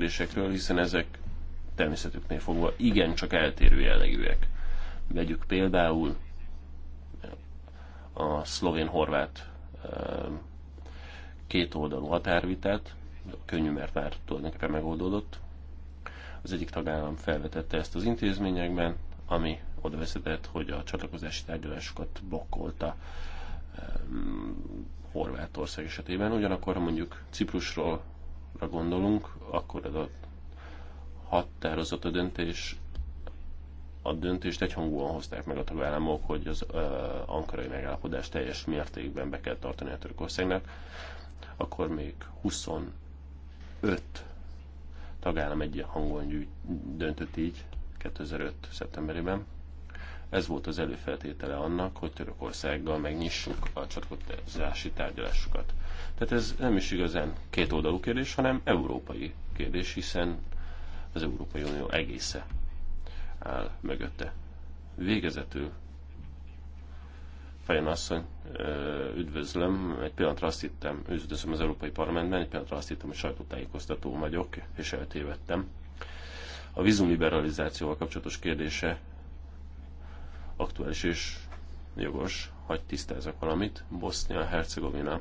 kérdésekről, hiszen ezek természetüknél fogva igencsak eltérő jellegűek. Vegyük például a szlovén-horvát kétoldalú határvitát, könnyű, mert már tulajdonképpen megoldódott. Az egyik tagállam felvetette ezt az intézményekben, ami oda vezetett, hogy a csatlakozási tárgyalásokat blokkolta Horvátország esetében. Ugyanakkor mondjuk Ciprusról gondolunk, akkor ez a határozott a döntés, a döntést egyhangúan hozták meg a tagállamok, hogy az uh, ankarai megállapodást teljes mértékben be kell tartani a Törökországnak, akkor még 25 tagállam egy hangon gyűjt, döntött így 2005. szeptemberében. Ez volt az előfeltétele annak, hogy Törökországgal megnyissuk a csatlakozási tárgyalásokat. Tehát ez nem is igazán két oldalú kérdés, hanem európai kérdés, hiszen az Európai Unió egésze áll mögötte. Végezetül Fejen asszony, üdvözlöm, egy pillanatra azt hittem, üdvözlöm az Európai Parlamentben, egy pillanatra azt hittem, hogy sajtótájékoztató vagyok, és eltévedtem. A vízumliberalizációval kapcsolatos kérdése aktuális és jogos, hagy tisztázok valamit, Bosznia-Hercegovina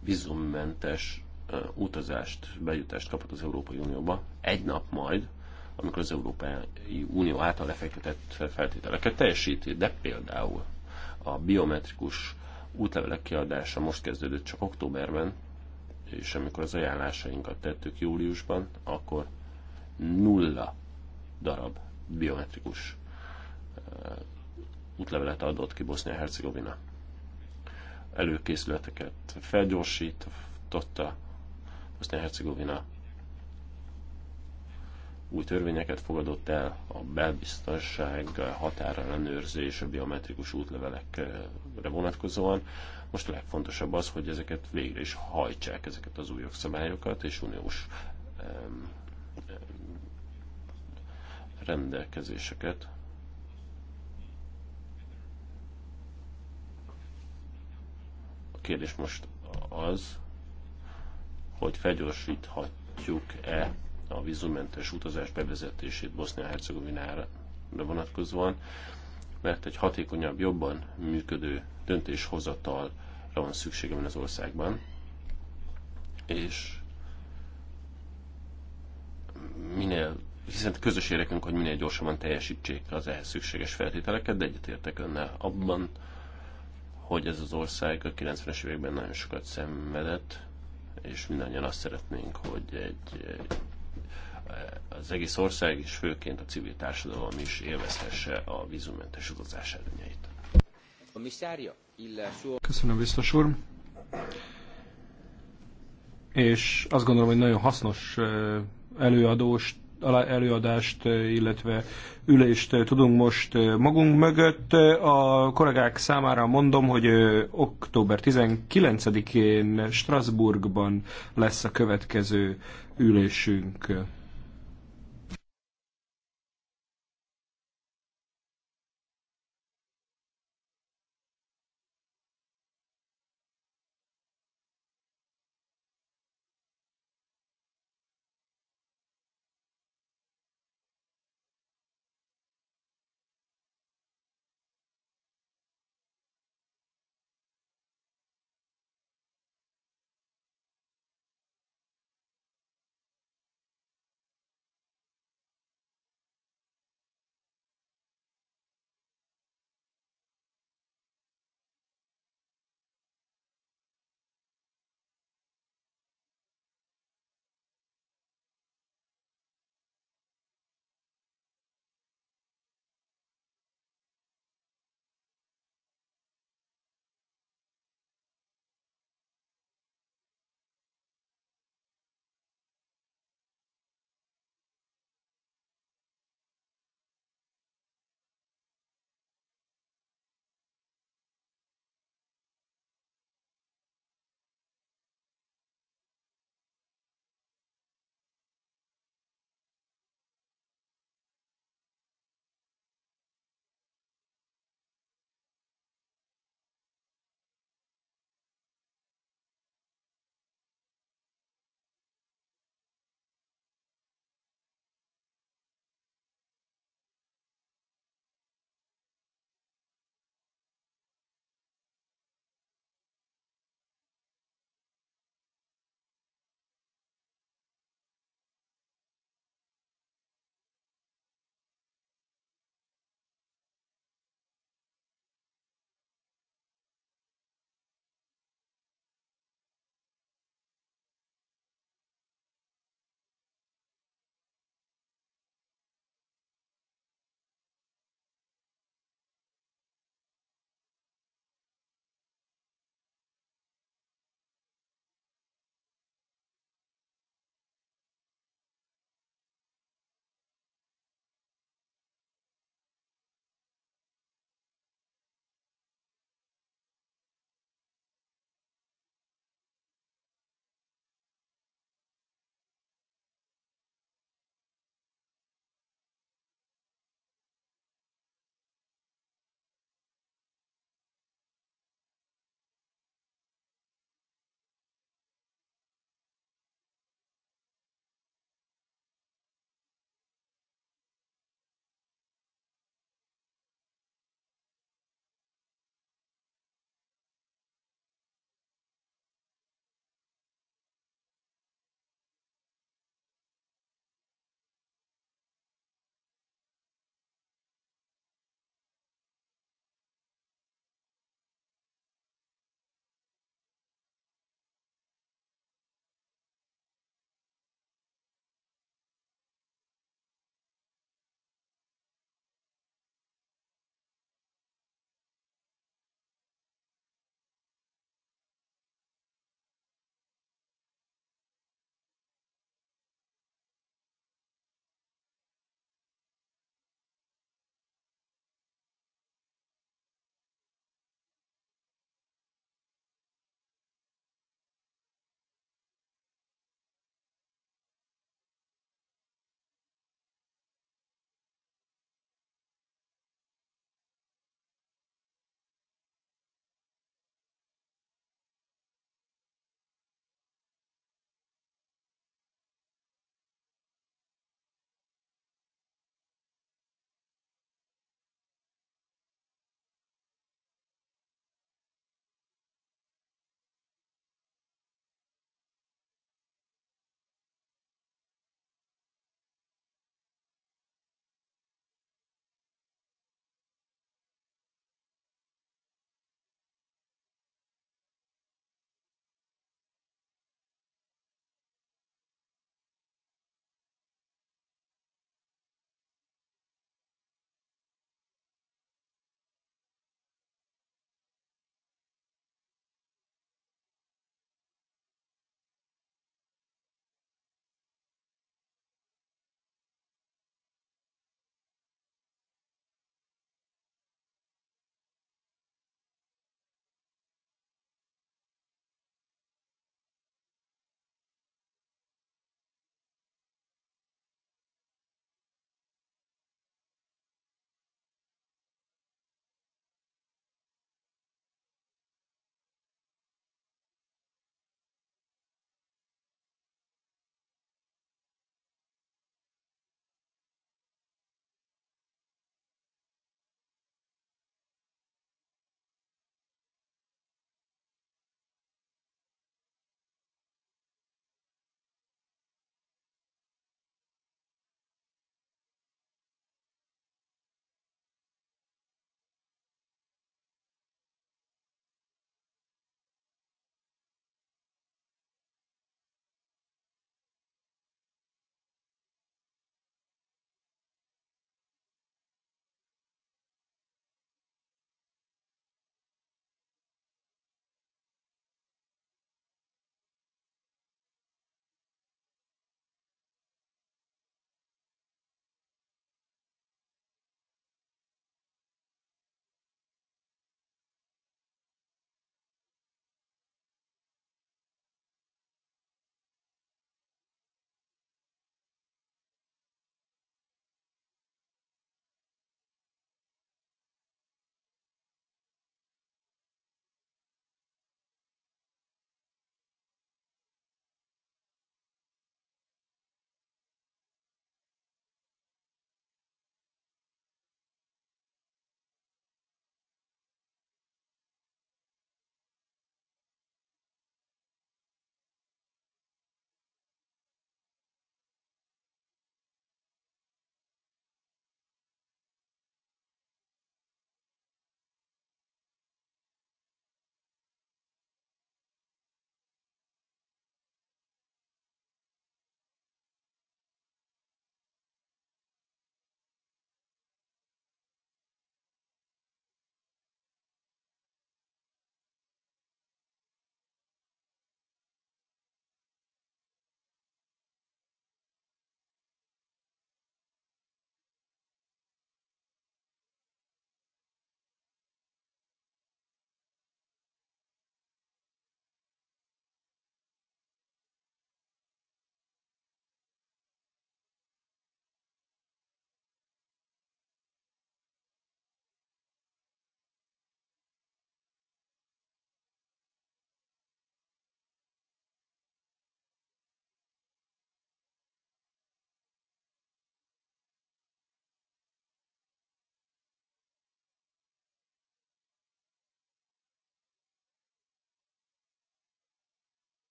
vízummentes utazást, bejutást kapott az Európai Unióba, egy nap majd, amikor az Európai Unió által lefektetett feltételeket teljesíti, de például a biometrikus útlevelek kiadása most kezdődött csak októberben, és amikor az ajánlásainkat tettük júliusban, akkor nulla darab biometrikus eh, útlevelet adott ki Bosznia-Hercegovina. Előkészületeket felgyorsította Bosznia-Hercegovina, új törvényeket fogadott el, a belbiztonság, határellenőrzés, a biometrikus útlevelekre vonatkozóan. Most a legfontosabb az, hogy ezeket végre is hajtsák, ezeket az új jogszabályokat, és uniós rendelkezéseket. A kérdés most az, hogy felgyorsíthatjuk-e a vízumentes utazás bevezetését Bosznia-Hercegovinára vonatkozóan, mert egy hatékonyabb, jobban működő döntéshozatalra van szükségem az országban, és minél hiszen közös érekünk, hogy minél gyorsabban teljesítsék az ehhez szükséges feltételeket, de egyetértek önnel abban, hogy ez az ország a 90-es években nagyon sokat szenvedett, és mindannyian azt szeretnénk, hogy egy, eh, az egész ország, és főként a civil társadalom is élvezhesse a vízumentes utazás előnyeit. Köszönöm, biztos úr. És azt gondolom, hogy nagyon hasznos eh, előadóst előadást, illetve ülést tudunk most magunk mögött. A kollégák számára mondom, hogy október 19-én Strasbourgban lesz a következő ülésünk.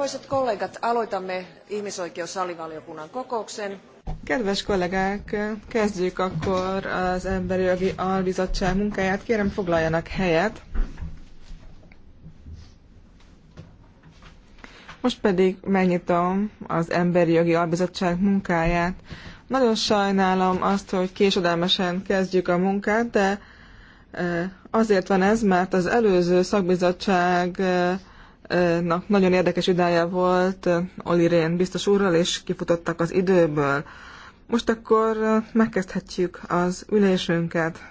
Arvoisat kollegat, aloitamme ihmisoikeusalivaliokunnan kokouksen. Kedves kollégák, kezdjük akkor az Emberi Jogi Albizottság munkáját. Kérem, foglaljanak helyet. Most pedig megnyitom az Emberi Jogi Albizottság munkáját. Nagyon sajnálom azt, hogy késedelmesen kezdjük a munkát, de eh, azért van ez, mert az előző szakbizottság eh, Na, nagyon érdekes idája volt Oli Rén biztos úrral, és kifutottak az időből. Most akkor megkezdhetjük az ülésünket.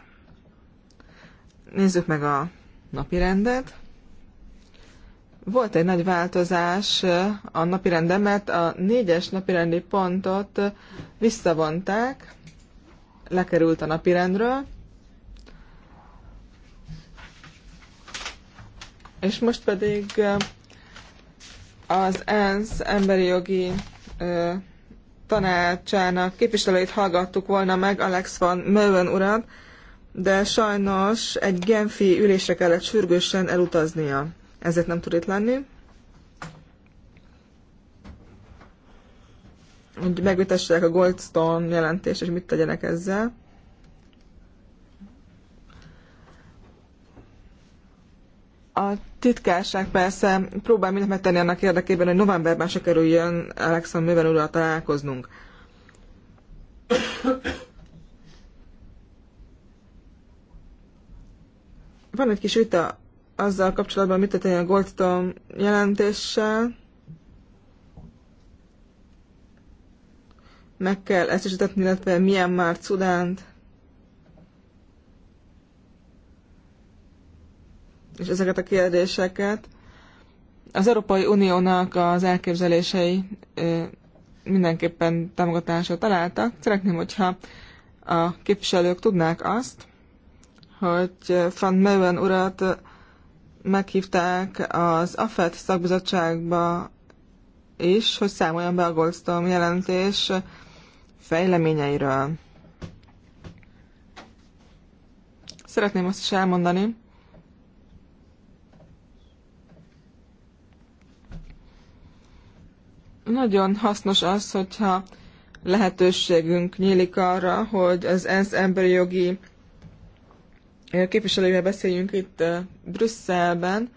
Nézzük meg a napi rendet. Volt egy nagy változás a napi mert a négyes napirendi pontot visszavonták, lekerült a napirendről, És most pedig az ENSZ emberi jogi tanácsának képviselőit hallgattuk volna meg, Alex van Möwen urat, de sajnos egy genfi ülésre kellett sürgősen elutaznia. Ezért nem tud itt lenni. Hogy megvitessék a Goldstone jelentést, és mit tegyenek ezzel. A titkárság persze próbál mindent megtenni annak érdekében, hogy novemberben se kerüljön Alexander Művel úrral találkoznunk. Van egy kis vita azzal kapcsolatban, mit tettél a Goldstone jelentéssel. Meg kell ezt is illetve milyen már Cudánt és ezeket a kérdéseket. Az Európai Uniónak az elképzelései mindenképpen támogatásra találtak. Szeretném, hogyha a képviselők tudnák azt, hogy Van Meuen urat meghívták az AFET szakbizottságba is, hogy számoljon be a Goldstone jelentés fejleményeiről. Szeretném azt is elmondani, Nagyon hasznos az, hogyha lehetőségünk nyílik arra, hogy az ENSZ emberi jogi képviselővel beszéljünk itt Brüsszelben,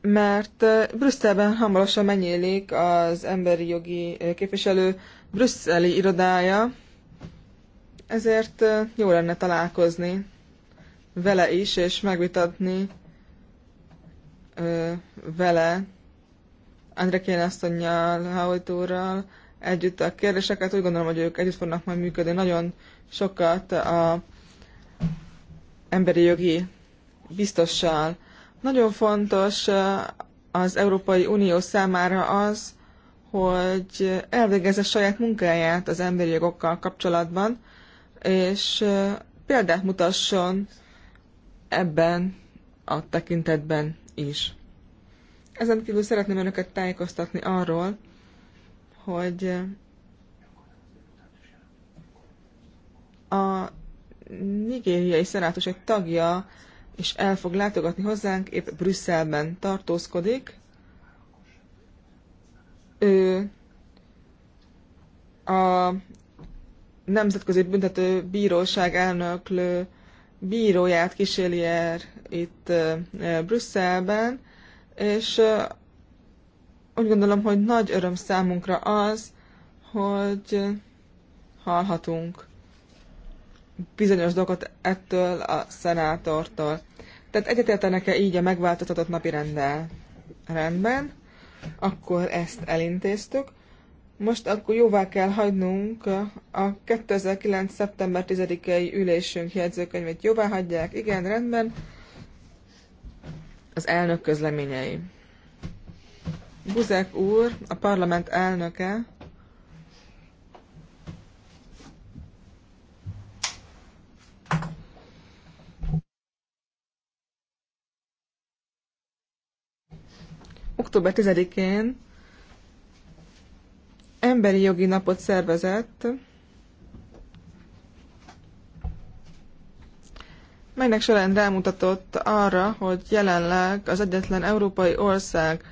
mert Brüsszelben hamarosan megnyílik az emberi jogi képviselő brüsszeli irodája, ezért jó lenne találkozni vele is, és megvitatni vele Andrekén asszonynal, Hautúrral együtt a kérdéseket. Úgy gondolom, hogy ők együtt fognak majd működni. Nagyon sokat a emberi jogi biztossal. Nagyon fontos az Európai Unió számára az, hogy elvégezze saját munkáját az emberi jogokkal kapcsolatban, és példát mutasson ebben a tekintetben is. Ezen kívül szeretném önöket tájékoztatni arról, hogy a nigériai szenátus egy tagja és el fog látogatni hozzánk, épp Brüsszelben tartózkodik. Ő a Nemzetközi Büntető Bíróság elnöklő bíróját kíséri el itt Brüsszelben, és úgy gondolom, hogy nagy öröm számunkra az, hogy hallhatunk bizonyos dolgot ettől a szenátortól. Tehát egyetértenek-e így a megváltoztatott napi rendel? Rendben, akkor ezt elintéztük. Most akkor jóvá kell hagynunk a 2009. szeptember 10-i ülésünk jegyzőkönyvét. Jóvá hagyják? Igen, rendben az elnök közleményei. Buzek úr, a parlament elnöke, október 10-én emberi jogi napot szervezett, melynek során rámutatott arra, hogy jelenleg az egyetlen európai ország,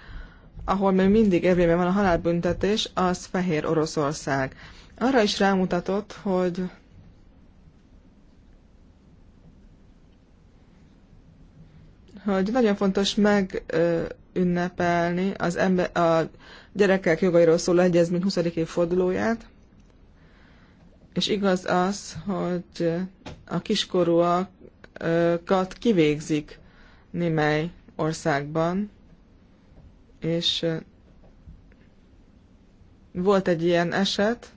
ahol még mindig érvényben van a halálbüntetés, az Fehér Oroszország. Arra is rámutatott, hogy hogy nagyon fontos megünnepelni az ember, a gyerekek jogairól szóló egyezmény 20. évfordulóját, és igaz az, hogy a kiskorúak munkásokat kivégzik némely országban, és volt egy ilyen eset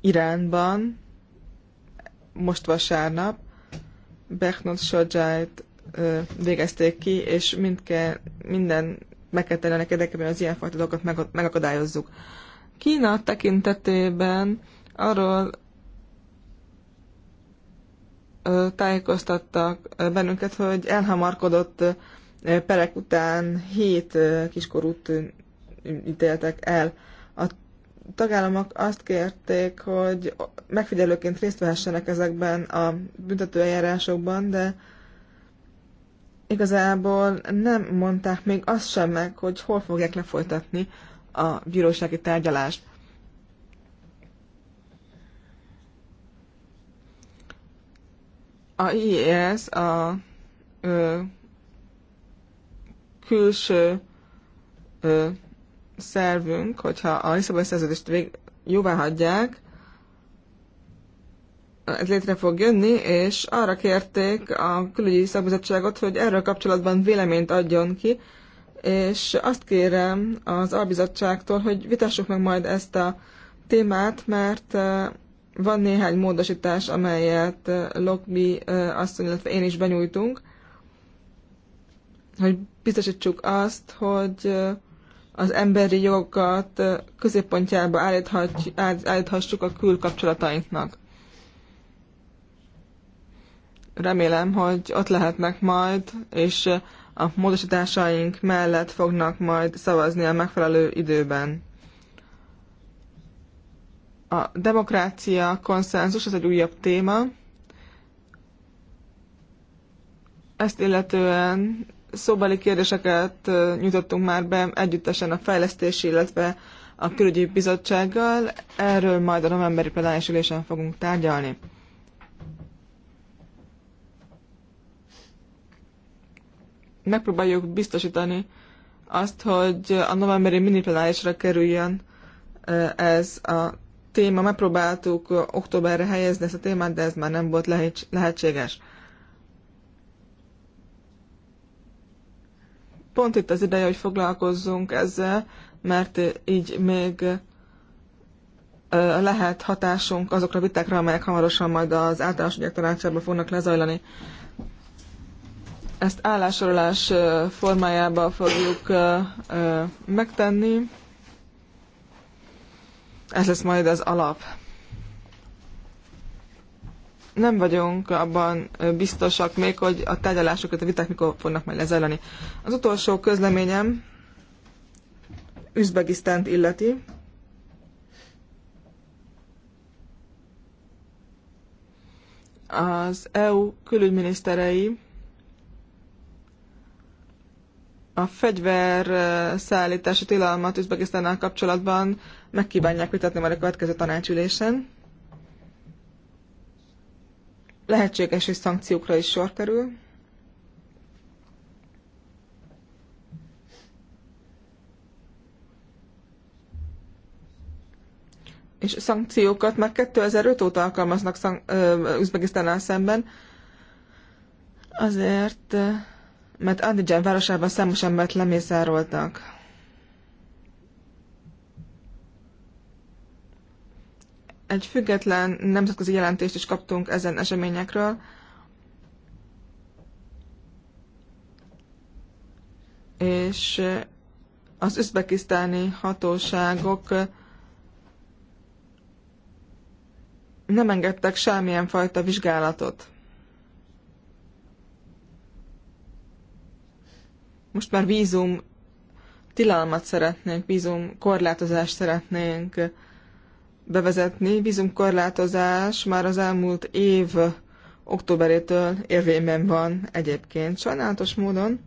Iránban, most vasárnap, Behnot Sajjájt végezték ki, és mindke, minden meg kell tennenek érdekében, hogy az ilyenfajta dolgokat megakadályozzuk. Kína tekintetében arról tájékoztattak bennünket, hogy elhamarkodott perek után hét kiskorút ítéltek el. A tagállamok azt kérték, hogy megfigyelőként részt vehessenek ezekben a büntetőeljárásokban, de igazából nem mondták még azt sem meg, hogy hol fogják lefolytatni a bírósági tárgyalást. A IES a ö, külső ö, szervünk, hogyha a Lisszaboni szerződést vég, jóvá hagyják, ez létre fog jönni, és arra kérték a külügyi szakbizottságot, hogy erről kapcsolatban véleményt adjon ki, és azt kérem az albizottságtól, hogy vitassuk meg majd ezt a témát, mert van néhány módosítás, amelyet eh, Lokbi eh, asszony, illetve én is benyújtunk, hogy biztosítsuk azt, hogy eh, az emberi jogokat középpontjába állíthassuk a külkapcsolatainknak. Remélem, hogy ott lehetnek majd, és a módosításaink mellett fognak majd szavazni a megfelelő időben. A demokrácia, konszenzus, ez egy újabb téma. Ezt illetően szóbeli kérdéseket nyújtottunk már be együttesen a fejlesztési, illetve a külügyi bizottsággal. Erről majd a novemberi plenáris ülésen fogunk tárgyalni. Megpróbáljuk biztosítani azt, hogy a novemberi mini plenárisra kerüljön ez a téma, megpróbáltuk októberre helyezni ezt a témát, de ez már nem volt lehetséges. Pont itt az ideje, hogy foglalkozzunk ezzel, mert így még lehet hatásunk azokra a vitákra, amelyek hamarosan majd az általános ügyek tanácsában fognak lezajlani. Ezt állásorolás formájába fogjuk megtenni ez lesz majd az alap. Nem vagyunk abban biztosak még, hogy a tárgyalásokat, a viták mikor fognak majd lezajlani. Az utolsó közleményem Üzbegisztánt illeti. Az EU külügyminiszterei a fegyverszállítási tilalmat Üzbegisztánnal kapcsolatban megkívánják vitatni majd a következő tanácsülésen. Lehetséges, hogy szankciókra is sor kerül. És szankciókat már 2005 óta alkalmaznak szank- szemben, azért, mert Andijan városában számos embert lemészároltak. Egy független nemzetközi jelentést is kaptunk ezen eseményekről, és eh, az üzbekisztáni hatóságok eh, nem engedtek semmilyen fajta vizsgálatot. Most már vízum tilalmat szeretnénk, vízum korlátozást szeretnénk bevezetni. Vízumkorlátozás már az elmúlt év októberétől érvényben van egyébként. Sajnálatos módon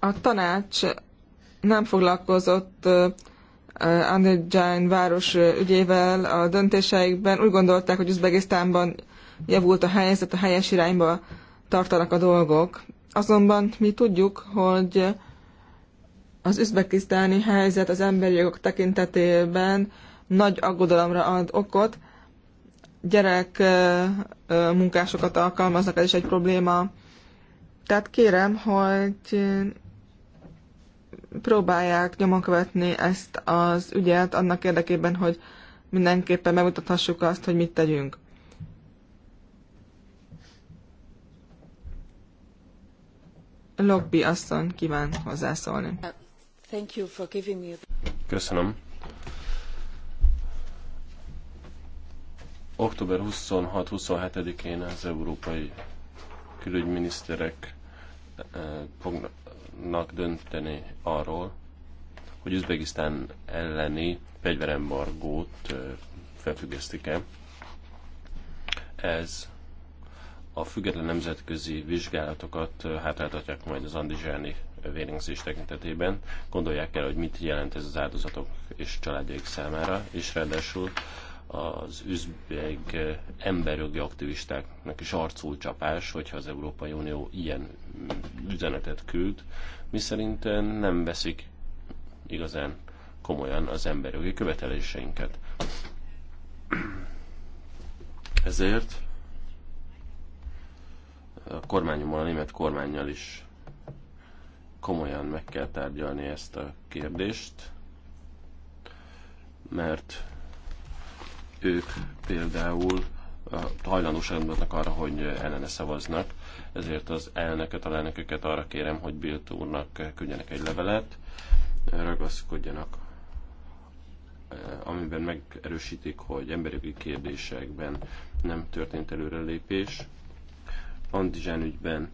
a tanács nem foglalkozott Andrzejn város ügyével a döntéseikben. Úgy gondolták, hogy Üzbegisztánban javult a helyzet, a helyes irányba tartanak a dolgok. Azonban mi tudjuk, hogy az üzbekisztáni helyzet az emberi jogok tekintetében nagy aggodalomra ad okot. Gyerek munkásokat alkalmaznak, ez is egy probléma. Tehát kérem, hogy próbálják nyomon követni ezt az ügyet annak érdekében, hogy mindenképpen megmutathassuk azt, hogy mit tegyünk. Lobby asszony kíván hozzászólni. Köszönöm. Október 26-27-én az európai külügyminiszterek eh, fognak dönteni arról, hogy Üzbegisztán elleni fegyverembargót eh, felfüggesztik-e. Ez a független nemzetközi vizsgálatokat eh, hátráltatják majd az andizsáni vérengzés tekintetében. Gondolják el, hogy mit jelent ez az áldozatok és családjaik számára, és ráadásul az üzbeg eh, emberjogi aktivistáknak is arcul csapás, hogyha az Európai Unió ilyen mm, üzenetet küld, miszerint eh, nem veszik igazán komolyan az emberjogi követeléseinket. Ezért a kormányommal, a német kormányjal is komolyan meg kell tárgyalni ezt a kérdést, mert ők például hajlandóság mutatnak arra, hogy ellene szavaznak, ezért az elnöket, a lelnököket arra kérem, hogy Bilt úrnak küldjenek egy levelet, ragaszkodjanak eh, amiben megerősítik, hogy emberi kérdésekben nem történt előrelépés. Antizsán ügyben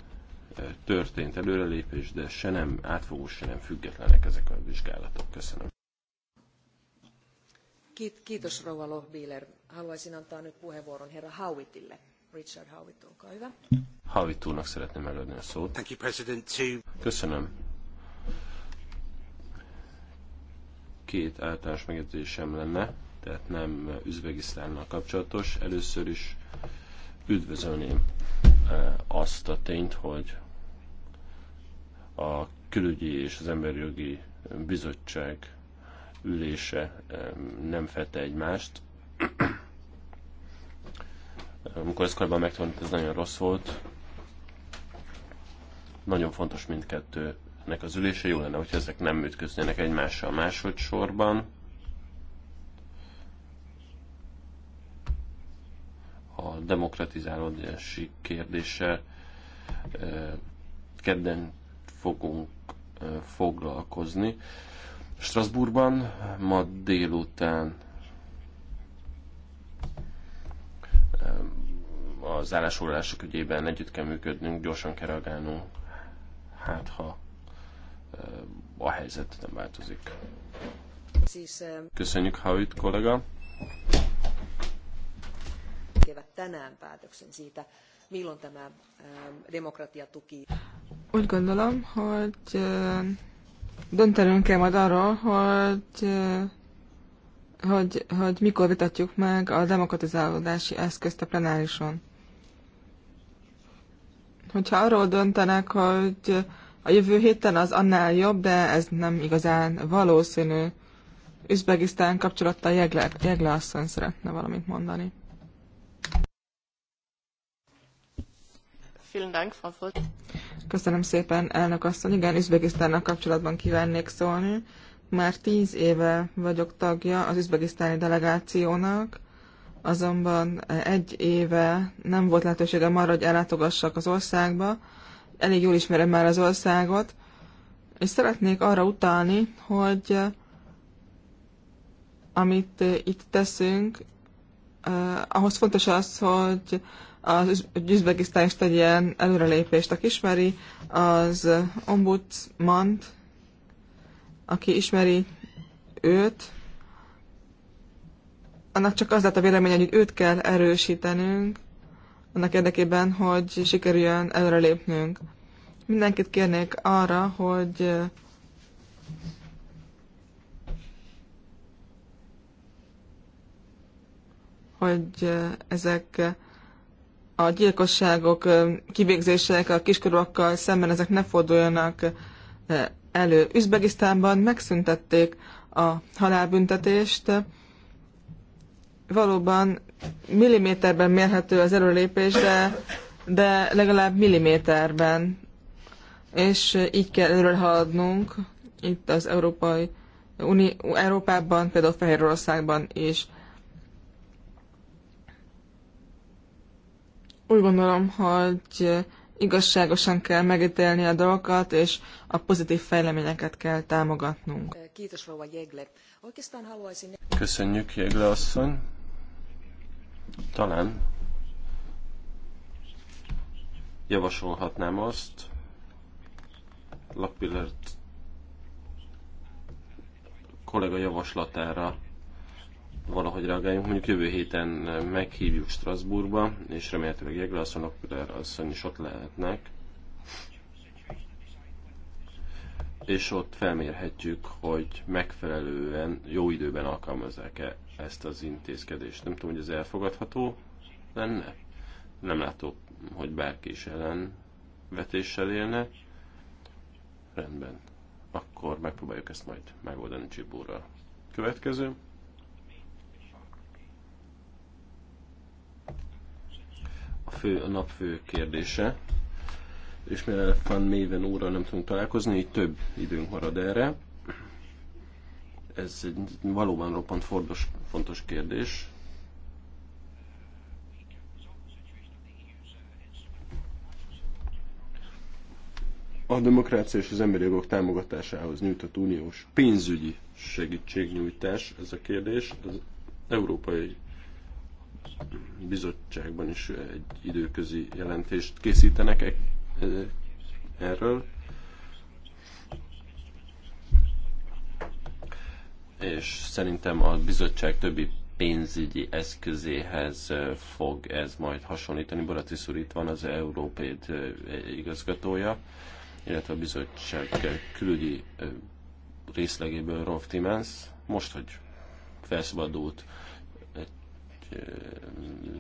történt előrelépés, de se nem átfogó, se nem függetlenek ezek a vizsgálatok. Köszönöm. Kiitos rouva Lohbíler. Haluaisin antaa nyt puheenvuoron herra Howittille. Richard Howitt, olkaa hyvä. Howitt úrnak szeretném előadni a szót. Thank you, President. Köszönöm. Két általános megjegyzésem lenne, tehát nem Üzbegisztánnal kapcsolatos. Először is üdvözölném eh, azt a tényt, hogy a külügyi és az emberi jogi bizottság ülése nem fette egymást. Amikor ez korábban megtörtént, ez nagyon rossz volt. Nagyon fontos mindkettőnek az ülése. Jó lenne, hogyha ezek nem ütköznének egymással másodszorban. A demokratizálódási kérdése eh, kedden fogunk foglalkozni. Strasbourgban ma délután az állásfoglalások ügyében együtt kell működnünk, gyorsan kell reagálnunk, hát ha a helyzet nem változik. Köszönjük, Havit kollega. Tekevät tänään päätöksen siitä, milloin Úgy gondolom, hogy döntenünk kell majd arról, hogy, hogy, hogy mikor vitatjuk meg a demokratizálódási eszközt a plenárison. Hogyha arról döntenek, hogy a jövő héten az annál jobb, de ez nem igazán valószínű. Üzbegisztán kapcsolattal Jegle, Jegle asszony szeretne valamit mondani. Köszönöm szépen, elnök asszony. Igen, Üzbegisztánnal kapcsolatban kívánnék szólni. Már tíz éve vagyok tagja az üzbegisztáni delegációnak, azonban egy éve nem volt lehetőségem arra, hogy ellátogassak az országba. Elég jól ismerem már az országot, és szeretnék arra utalni, hogy amit itt teszünk, eh, ahhoz fontos az, hogy az Üzbegisztán is ilyen előrelépést, aki ismeri az ombudsman, aki ismeri őt, annak csak az lett a véleménye, hogy őt kell erősítenünk, annak érdekében, hogy sikerüljön előrelépnünk. Mindenkit kérnék arra, hogy hogy ezek a gyilkosságok, kivégzések a kiskorúakkal szemben ezek ne forduljanak elő. Üzbegisztánban megszüntették a halálbüntetést. Valóban milliméterben mérhető az előlépés, de, de legalább milliméterben. És így kell előre haladnunk itt az Európai Uni, Európában, például Fehérországban is. Úgy gondolom, hogy igazságosan kell megítélni a dolgokat, és a pozitív fejleményeket kell támogatnunk. Köszönjük, Jégle asszony. Talán javasolhatnám azt, Lapillert kollega javaslatára valahogy reagáljunk. Mondjuk jövő héten meghívjuk Strasbourgba, és remélhetőleg Jegle asszonyok, asszony is ott lehetnek. És ott felmérhetjük, hogy megfelelően jó időben alkalmazzák-e ezt az intézkedést. Nem tudom, hogy ez elfogadható lenne. Nem látok, hogy bárki is ellen vetéssel élne. Rendben. Akkor megpróbáljuk ezt majd megoldani Csibúrral. Következő. a, fő, a nap fő kérdése, és mivel Van méven óra nem tudunk találkozni, így több időnk marad erre. Ez egy valóban roppant fontos, fontos kérdés. A demokrácia és az emberi jogok támogatásához nyújtott uniós pénzügyi segítségnyújtás, ez a kérdés, az Európai bizottságban is egy időközi jelentést készítenek e- erről. És szerintem a bizottság többi pénzügyi eszközéhez fog ez majd hasonlítani. Boratis úr itt van, az Európéd igazgatója, illetve a bizottság külügyi részlegéből Rolf Timens. Most, hogy felszabadult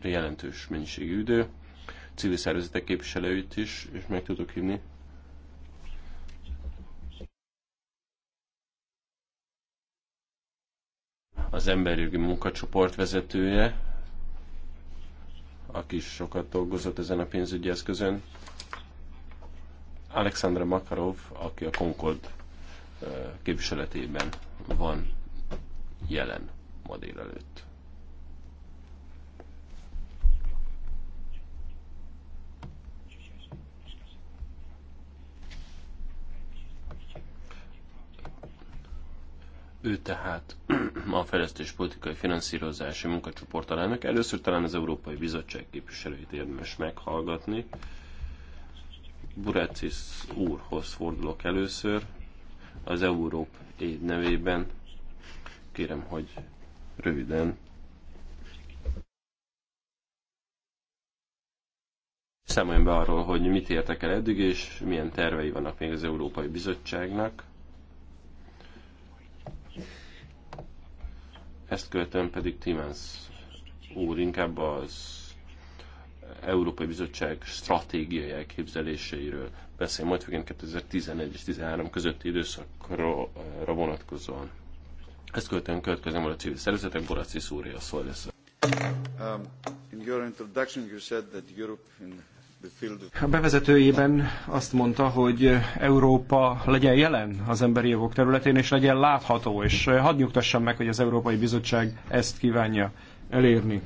jelentős mennyiségű idő, civil szervezetek képviselőit is, és meg tudok hívni. Az emberjogi munkacsoport vezetője, aki is sokat dolgozott ezen a pénzügyi eszközön, Alexandra Makarov, aki a Concord képviseletében van jelen ma délelőtt. Ő tehát a fejlesztés politikai finanszírozási munkacsoport alának. Először talán az Európai Bizottság képviselőit érdemes meghallgatni. Buracis úrhoz fordulok először. Az Európ éd nevében kérem, hogy röviden számoljon be arról, hogy mit értek el eddig, és milyen tervei vannak még az Európai Bizottságnak Ezt követően pedig Timens úr inkább az Európai Bizottság stratégiai elképzeléseiről beszél, majd főként 2011 és 2013 közötti időszakra vonatkozóan. Ezt követően következem a civil szervezetek, Boracis úr, a szó lesz. Um, in your introduction you said that Europe in a bevezetőjében azt mondta, hogy Európa legyen jelen az emberi jogok területén, és legyen látható, és hadd nyugtassam meg, hogy az Európai Bizottság ezt kívánja elérni.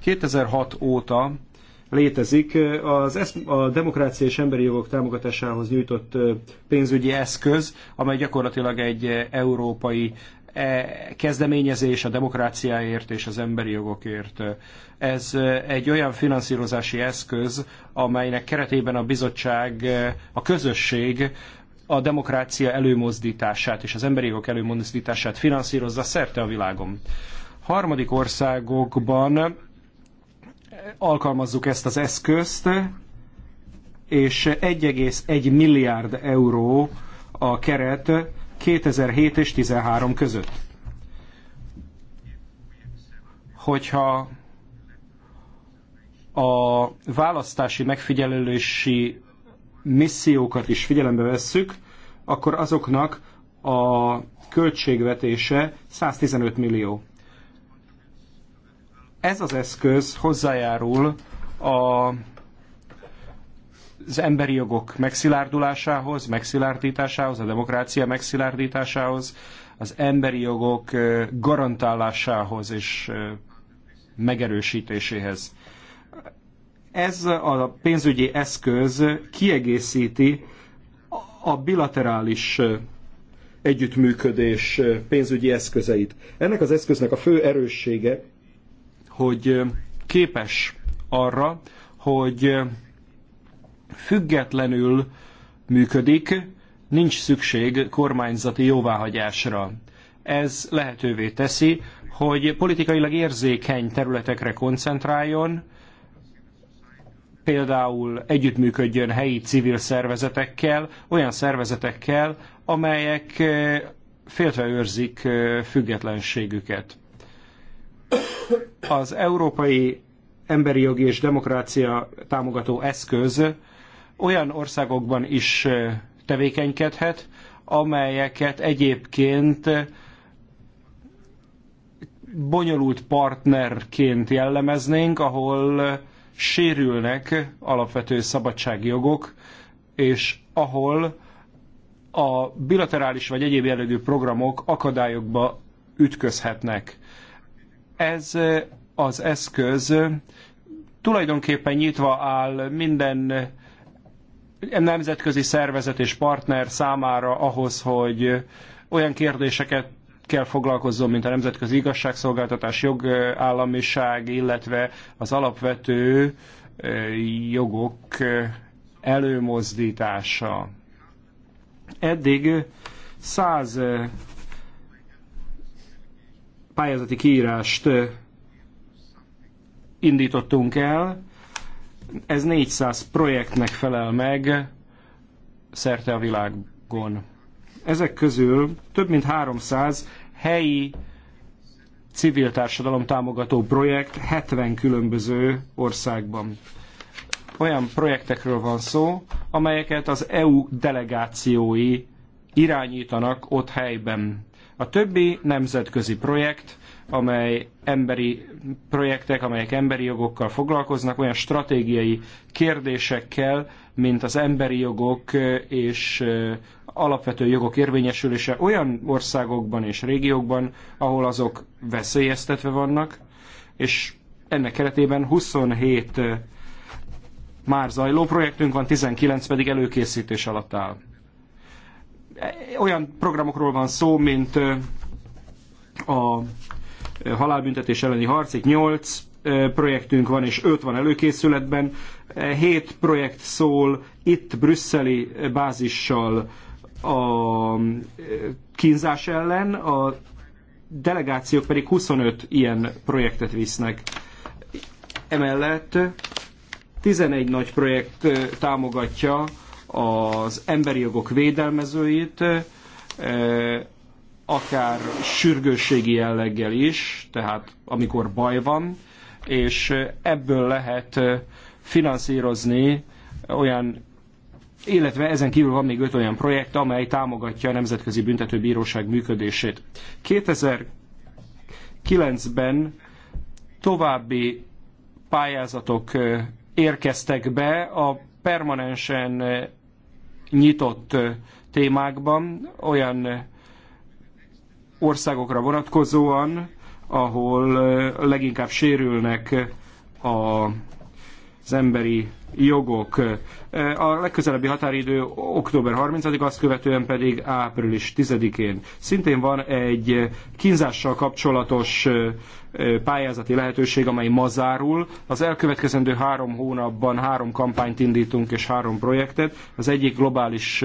2006 óta létezik az, a demokrácia és emberi jogok támogatásához nyújtott pénzügyi eszköz, amely gyakorlatilag egy európai E, kezdeményezés a demokráciáért és az emberi jogokért. Ez e, egy olyan finanszírozási eszköz, amelynek keretében a bizottság, e, a közösség a demokrácia előmozdítását és az emberi jogok előmozdítását finanszírozza szerte a világon. Harmadik országokban alkalmazzuk ezt az eszközt, és 1,1 milliárd euró a keret, 2007 és 13 között. Hogyha a választási megfigyelési missziókat is figyelembe vesszük, akkor azoknak a költségvetése 115 millió. Ez az eszköz hozzájárul a az emberi jogok megszilárdulásához, megszilárdításához, a demokrácia megszilárdításához, az emberi jogok garantálásához és megerősítéséhez. Ez a pénzügyi eszköz kiegészíti a bilaterális együttműködés pénzügyi eszközeit. Ennek az eszköznek a fő erőssége, hogy képes arra, hogy függetlenül működik, nincs szükség kormányzati jóváhagyásra. Ez lehetővé teszi, hogy politikailag érzékeny területekre koncentráljon, például együttműködjön helyi civil szervezetekkel, olyan szervezetekkel, amelyek féltve őrzik függetlenségüket. Az Európai Emberi Jogi és Demokrácia támogató eszköz olyan országokban is tevékenykedhet, amelyeket egyébként bonyolult partnerként jellemeznénk, ahol sérülnek alapvető szabadsági jogok és ahol a bilaterális vagy egyéb jellegű programok akadályokba ütközhetnek. Ez az eszköz tulajdonképpen nyitva áll minden nemzetközi szervezet és partner számára ahhoz, hogy olyan kérdéseket kell foglalkozzon, mint a nemzetközi igazságszolgáltatás, jogállamiság, illetve az alapvető jogok előmozdítása. Eddig 100 pályázati kiírást indítottunk el, ez 400 projektnek felel meg szerte a világon. Ezek közül több mint 300 helyi civil társadalom támogató projekt 70 különböző országban. Olyan projektekről van szó, amelyeket az EU delegációi irányítanak ott helyben. A többi nemzetközi projekt, amely emberi projektek, amelyek emberi jogokkal foglalkoznak, olyan stratégiai kérdésekkel, mint az emberi jogok és alapvető jogok érvényesülése olyan országokban és régiókban, ahol azok veszélyeztetve vannak, és ennek keretében 27 már zajló projektünk van, 19 pedig előkészítés alatt áll. Olyan programokról van szó, mint a halálbüntetés elleni harcig, 8 projektünk van, és 5 van előkészületben. 7 e, projekt szól itt brüsszeli bázissal a kínzás ellen, a delegációk pedig 25 ilyen projektet visznek. Emellett 11 nagy projekt támogatja az emberi jogok védelmezőit, akár sürgősségi jelleggel is, tehát amikor baj van, és ebből lehet finanszírozni olyan, illetve ezen kívül van még öt olyan projekt, amely támogatja a Nemzetközi Büntetőbíróság működését. 2009-ben további pályázatok érkeztek be a permanensen nyitott témákban, olyan országokra vonatkozóan, ahol leginkább sérülnek a, az emberi jogok. A legközelebbi határidő október 30-ig, azt követően pedig április 10-én. Szintén van egy kínzással kapcsolatos pályázati lehetőség, amely ma zárul. Az elkövetkezendő három hónapban három kampányt indítunk és három projektet. Az egyik globális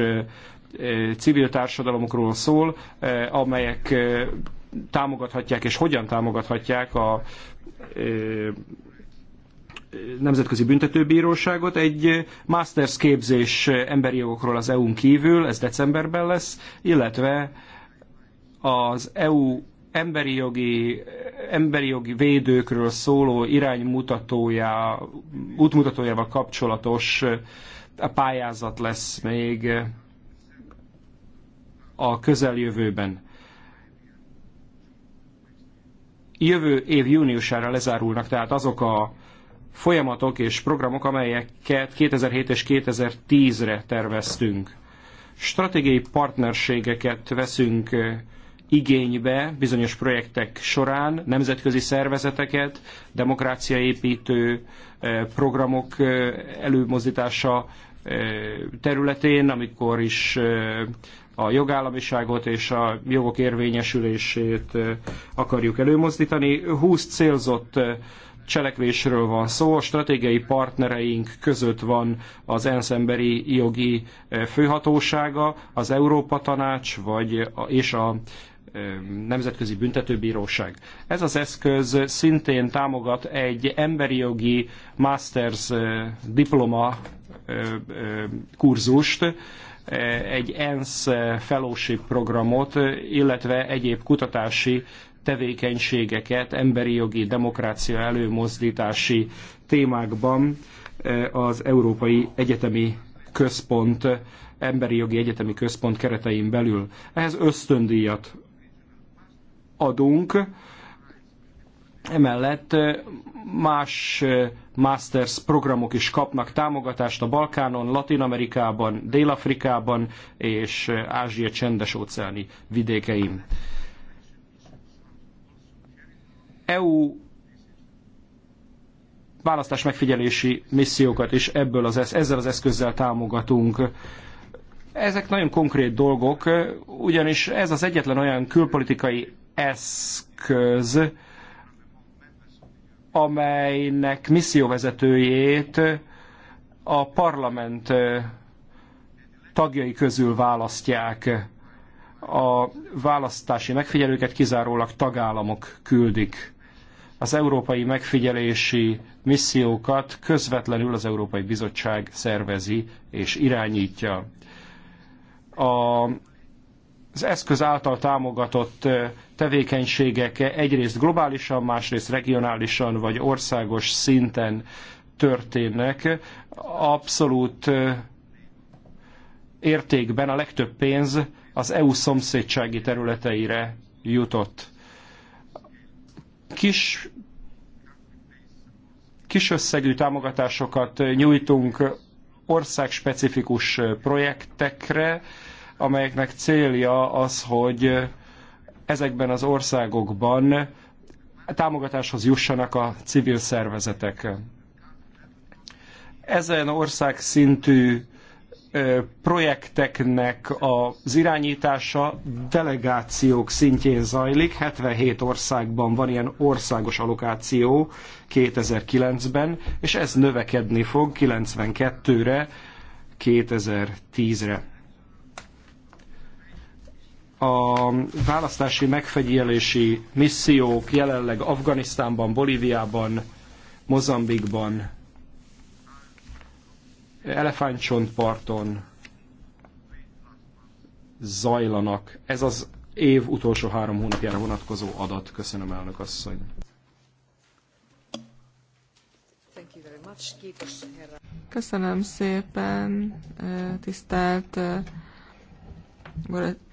civil társadalomokról szól, amelyek támogathatják és hogyan támogathatják a Nemzetközi Büntetőbíróságot. Egy masters képzés emberi jogokról az EU-n kívül, ez decemberben lesz, illetve az EU emberi jogi, emberi jogi védőkről szóló iránymutatója, útmutatójával kapcsolatos a pályázat lesz még a közeljövőben. Jövő év júniusára lezárulnak tehát azok a folyamatok és programok, amelyeket 2007 és 2010-re terveztünk. Stratégiai partnerségeket veszünk eh, igénybe bizonyos projektek során nemzetközi szervezeteket, demokráciaépítő eh, programok eh, előmozdítása területén, amikor is a jogállamiságot és a jogok érvényesülését akarjuk előmozdítani. 20 célzott cselekvésről van szó, a stratégiai partnereink között van az ENSZ emberi jogi főhatósága, az Európa Tanács vagy a, és a Nemzetközi Büntetőbíróság. Ez az eszköz szintén támogat egy emberi jogi masters diploma kurzust, egy ENSZ fellowship programot, illetve egyéb kutatási tevékenységeket emberi jogi demokrácia előmozdítási témákban e, az Európai Egyetemi Központ, Emberi Jogi Egyetemi Központ keretein belül. Ehhez ösztöndíjat adunk, Emellett más masters programok is kapnak támogatást a Balkánon, Latin Amerikában, Dél-Afrikában és Ázsia csendes óceáni vidékein. EU választás megfigyelési missziókat is ebből az, ezzel az eszközzel támogatunk. Ezek nagyon konkrét dolgok, ugyanis ez az egyetlen olyan külpolitikai eszköz, amelynek misszióvezetőjét a parlament tagjai közül választják. A választási megfigyelőket kizárólag tagállamok küldik. Az európai megfigyelési missziókat közvetlenül az Európai Bizottság szervezi és irányítja. A az eszköz által támogatott tevékenységek egyrészt globálisan, másrészt regionálisan vagy országos szinten történnek. Abszolút értékben a legtöbb pénz az EU szomszédsági területeire jutott. Kis, kis összegű támogatásokat nyújtunk országspecifikus projektekre, amelyeknek célja az, hogy ezekben az országokban támogatáshoz jussanak a civil szervezetek. Ezen ország szintű projekteknek az irányítása delegációk szintjén zajlik. 77 országban van ilyen országos allokáció 2009-ben, és ez növekedni fog 92-re, 2010-re a választási megfegyelési missziók jelenleg Afganisztánban, Bolíviában, Mozambikban, Elefántcsontparton zajlanak. Ez az év utolsó három hónapjára vonatkozó adat. Köszönöm, elnök asszony. Köszönöm szépen, tisztelt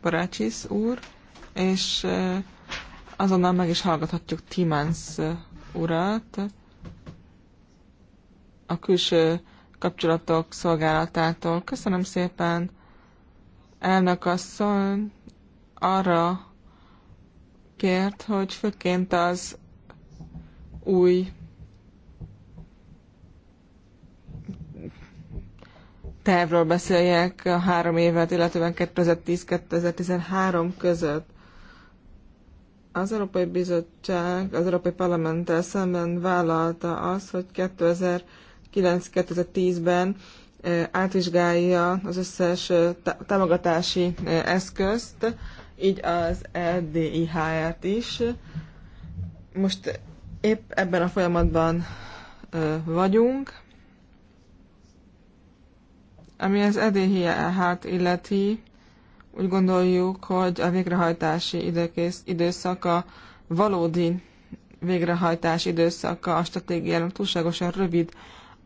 Barácsis úr, és azonnal meg is hallgathatjuk Timans urat, a külső kapcsolatok szolgálatától. Köszönöm szépen, elnök asszony, arra kért, hogy főként az új tervről beszéljek a három évet, illetően 2010-2013 között. Az Európai Bizottság az Európai Parlamenttel szemben vállalta azt, hogy 2009-2010-ben eh, átvizsgálja az összes eh, támogatási eh, eszközt, így az LDIHR-t e is. Most épp ebben a folyamatban vagyunk, ami az edéhiát illeti, úgy gondoljuk, hogy a végrehajtási időkész, időszaka valódi végrehajtás időszaka a stratégiának túlságosan rövid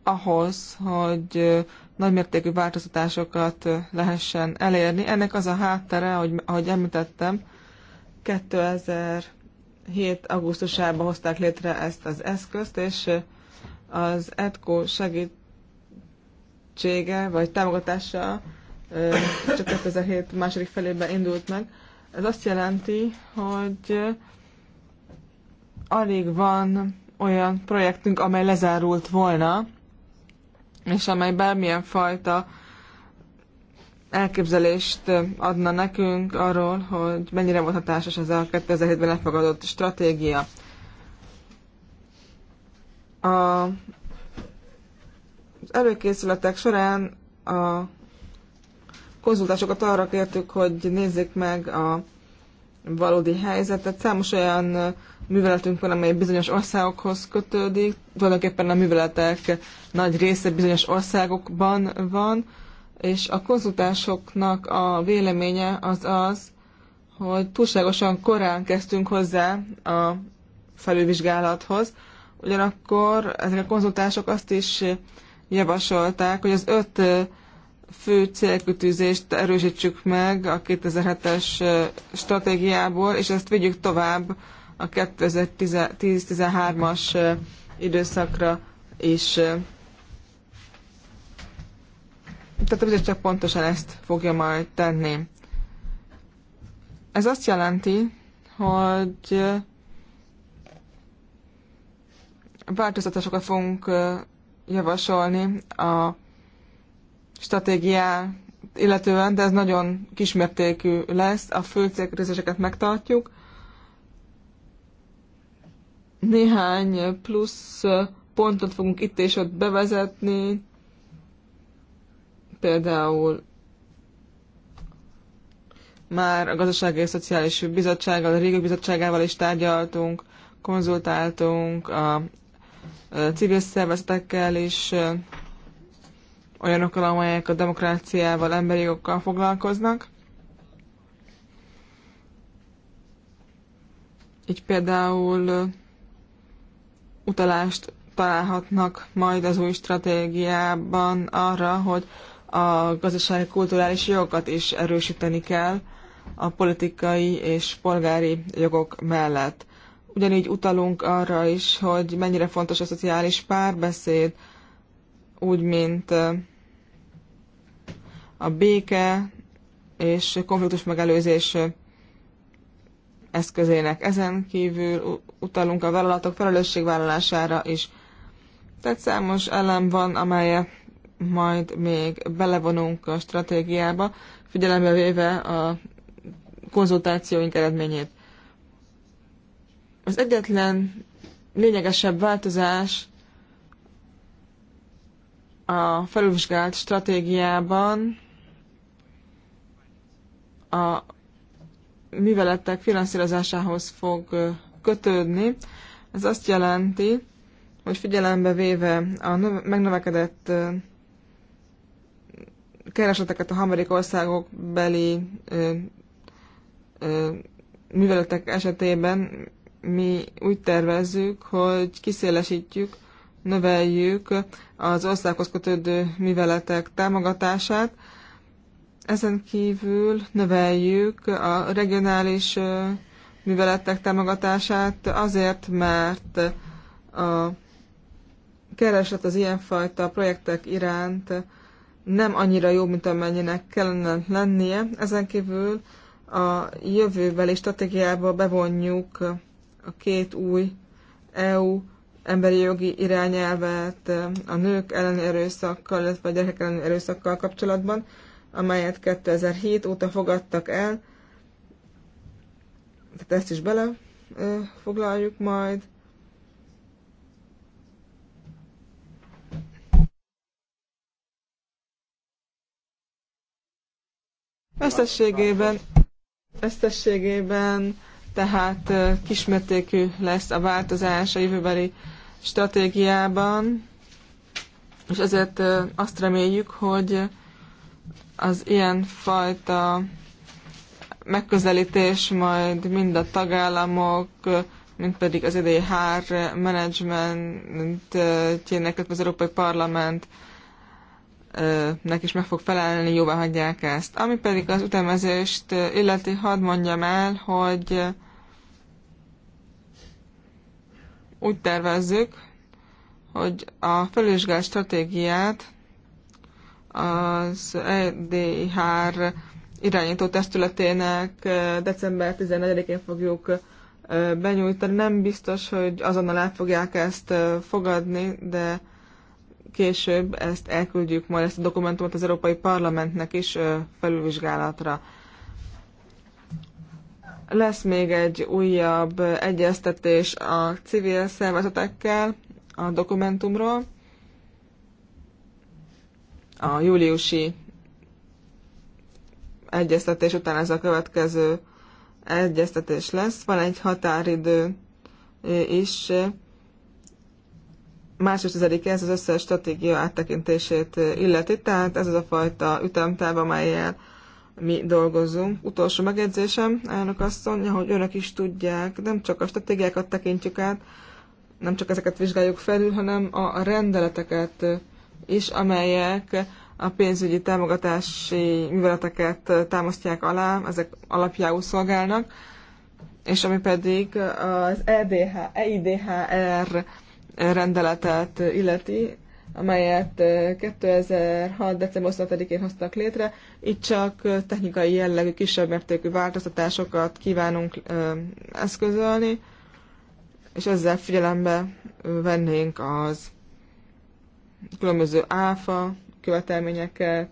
ahhoz, hogy nagymértékű változtatásokat lehessen elérni. Ennek az a háttere, hogy, ahogy említettem, 2007. augusztusában hozták létre ezt az eszközt, és az ETCO segít segítsége vagy támogatása csak 2007 második felében indult meg. Ez azt jelenti, hogy alig van olyan projektünk, amely lezárult volna, és amely bármilyen fajta elképzelést adna nekünk arról, hogy mennyire volt hatásos ez a 2007-ben elfogadott stratégia. A az előkészületek során a konzultásokat arra kértük, hogy nézzék meg a valódi helyzetet. Számos olyan műveletünk van, amely bizonyos országokhoz kötődik. Tulajdonképpen a műveletek nagy része bizonyos országokban van, és a konzultásoknak a véleménye az az, hogy túlságosan korán kezdtünk hozzá a felülvizsgálathoz. Ugyanakkor ezek a konzultások azt is javasolták, hogy az öt fő célkütűzést erősítsük meg a 2007-es stratégiából, és ezt vigyük tovább a 2010-13-as időszakra is. Tehát a csak pontosan ezt fogja majd tenni. Ez azt jelenti, hogy változtatásokat fogunk javasolni a stratégiá illetően, de ez nagyon kismértékű lesz. A fő célkötőzéseket megtartjuk. Néhány plusz pontot fogunk itt és ott bevezetni, például már a Gazdasági és Szociális Bizottsággal, a Régi Bizottságával is tárgyaltunk, konzultáltunk a civil szervezetekkel és olyanokkal, amelyek a demokráciával, emberi jogokkal foglalkoznak. Így például utalást találhatnak majd az új stratégiában arra, hogy a gazdasági kulturális jogokat is erősíteni kell a politikai és polgári jogok mellett. Ugyanígy utalunk arra is, hogy mennyire fontos a szociális párbeszéd, úgy, mint a béke és konfliktus megelőzés eszközének. Ezen kívül utalunk a vállalatok felelősségvállalására is. Tehát számos elem van, amelyet majd még belevonunk a stratégiába, figyelembe véve a konzultációink eredményét. Az egyetlen lényegesebb változás a felülvizsgált stratégiában a műveletek finanszírozásához fog kötődni. Ez azt jelenti, hogy figyelembe véve a megnövekedett keresleteket a harmadik országok beli műveletek esetében mi úgy tervezzük, hogy kiszélesítjük, növeljük az országhoz kötődő műveletek támogatását, ezen kívül növeljük a regionális műveletek támogatását azért, mert a kereslet az ilyenfajta projektek iránt nem annyira jó, mint amennyinek kellene lennie. Ezen kívül a jövőbeli stratégiába bevonjuk a két új EU emberi jogi irányelvet a nők elleni erőszakkal, illetve a gyerekek elleni erőszakkal kapcsolatban, amelyet 2007 óta fogadtak el. Tehát ezt is bele foglaljuk majd. Összességében, összességében tehát kismértékű lesz a változás a jövőbeli stratégiában, és ezért azt reméljük, hogy az ilyen fajta megközelítés majd mind a tagállamok, mint pedig az EDHR menedzsmentjének, illetve az Európai Parlament nek is meg fog felelni, jóvá hagyják ezt. Ami pedig az ütemezést illeti, hadd mondjam el, hogy úgy tervezzük, hogy a felvizsgált stratégiát az EDHR irányító testületének december 14-én fogjuk benyújtani. Nem biztos, hogy azonnal el fogják ezt fogadni, de később ezt elküldjük majd ezt a dokumentumot az Európai Parlamentnek is felülvizsgálatra. Lesz még egy újabb egyeztetés a civil szervezetekkel a dokumentumról a júliusi egyeztetés után ez a következő egyeztetés lesz. Van egy határidő is március 10 ez az összes stratégia áttekintését eh, illeti, tehát ez az a fajta ütemtáv, amelyel mi dolgozunk. Utolsó megjegyzésem, elnök asszony, hogy önök is tudják, nem csak a stratégiákat tekintjük át, nem csak ezeket vizsgáljuk felül, hanem a rendeleteket eh, is, amelyek a pénzügyi támogatási műveleteket eh, támasztják alá, ezek alapjául szolgálnak, és ami pedig az EDH, EIDHR rendeletet illeti, amelyet 2006. december 25-én hoztak létre. Itt csak technikai jellegű, kisebb mértékű változtatásokat kívánunk eszközölni, és ezzel figyelembe vennénk az különböző áfa követelményeket.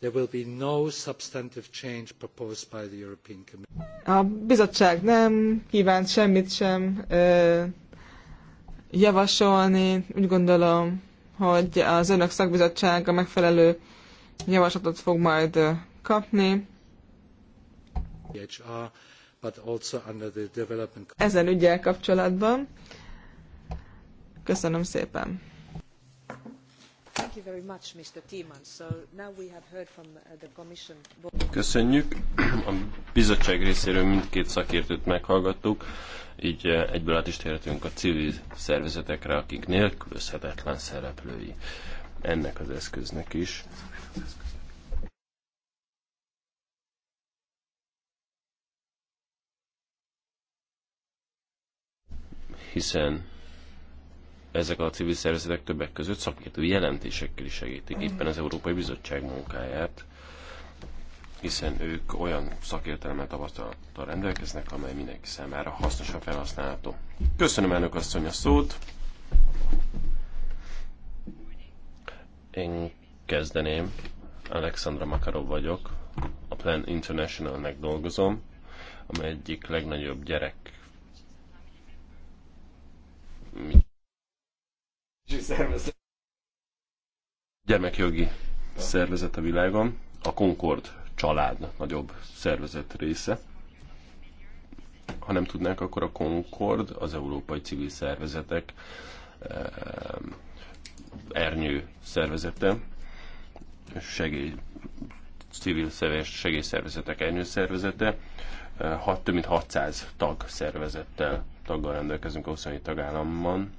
There will be no substantive change proposed by the European Commission. A bizottság nem kívánt semmit sem javasolni. Úgy gondolom, hogy az önök szakbizottsága megfelelő javaslatot fog majd kapni. Ezen ügyel kapcsolatban. Köszönöm szépen. Uh, Köszönjük. A bizottság részéről mindkét szakértőt meghallgattuk, így uh, egyből át is térhetünk a civil szervezetekre, akik nélkülözhetetlen szereplői ennek az eszköznek is. Hiszen ezek a civil szervezetek többek között szakértő jelentésekkel is segítik mhm. éppen az Európai Bizottság munkáját, hiszen ők olyan szakértelemmel tapasztalattal rendelkeznek, amely mindenki számára hasznosan felhasználható. Köszönöm elnök asszony a szót! Én kezdeném. Alexandra Makarov vagyok, a Plan International-nek dolgozom, amely egyik legnagyobb gyerek szervezet. Gyermekjogi szervezet a világon, a Concord család nagyobb szervezet része. Ha nem tudnánk, akkor a Concord az európai civil szervezetek eh, ernyő szervezete, segély, civil segélyszervezetek ernyő szervezete, eh, hat, több mint 600 tag szervezettel taggal rendelkezünk a 27 tagállamban,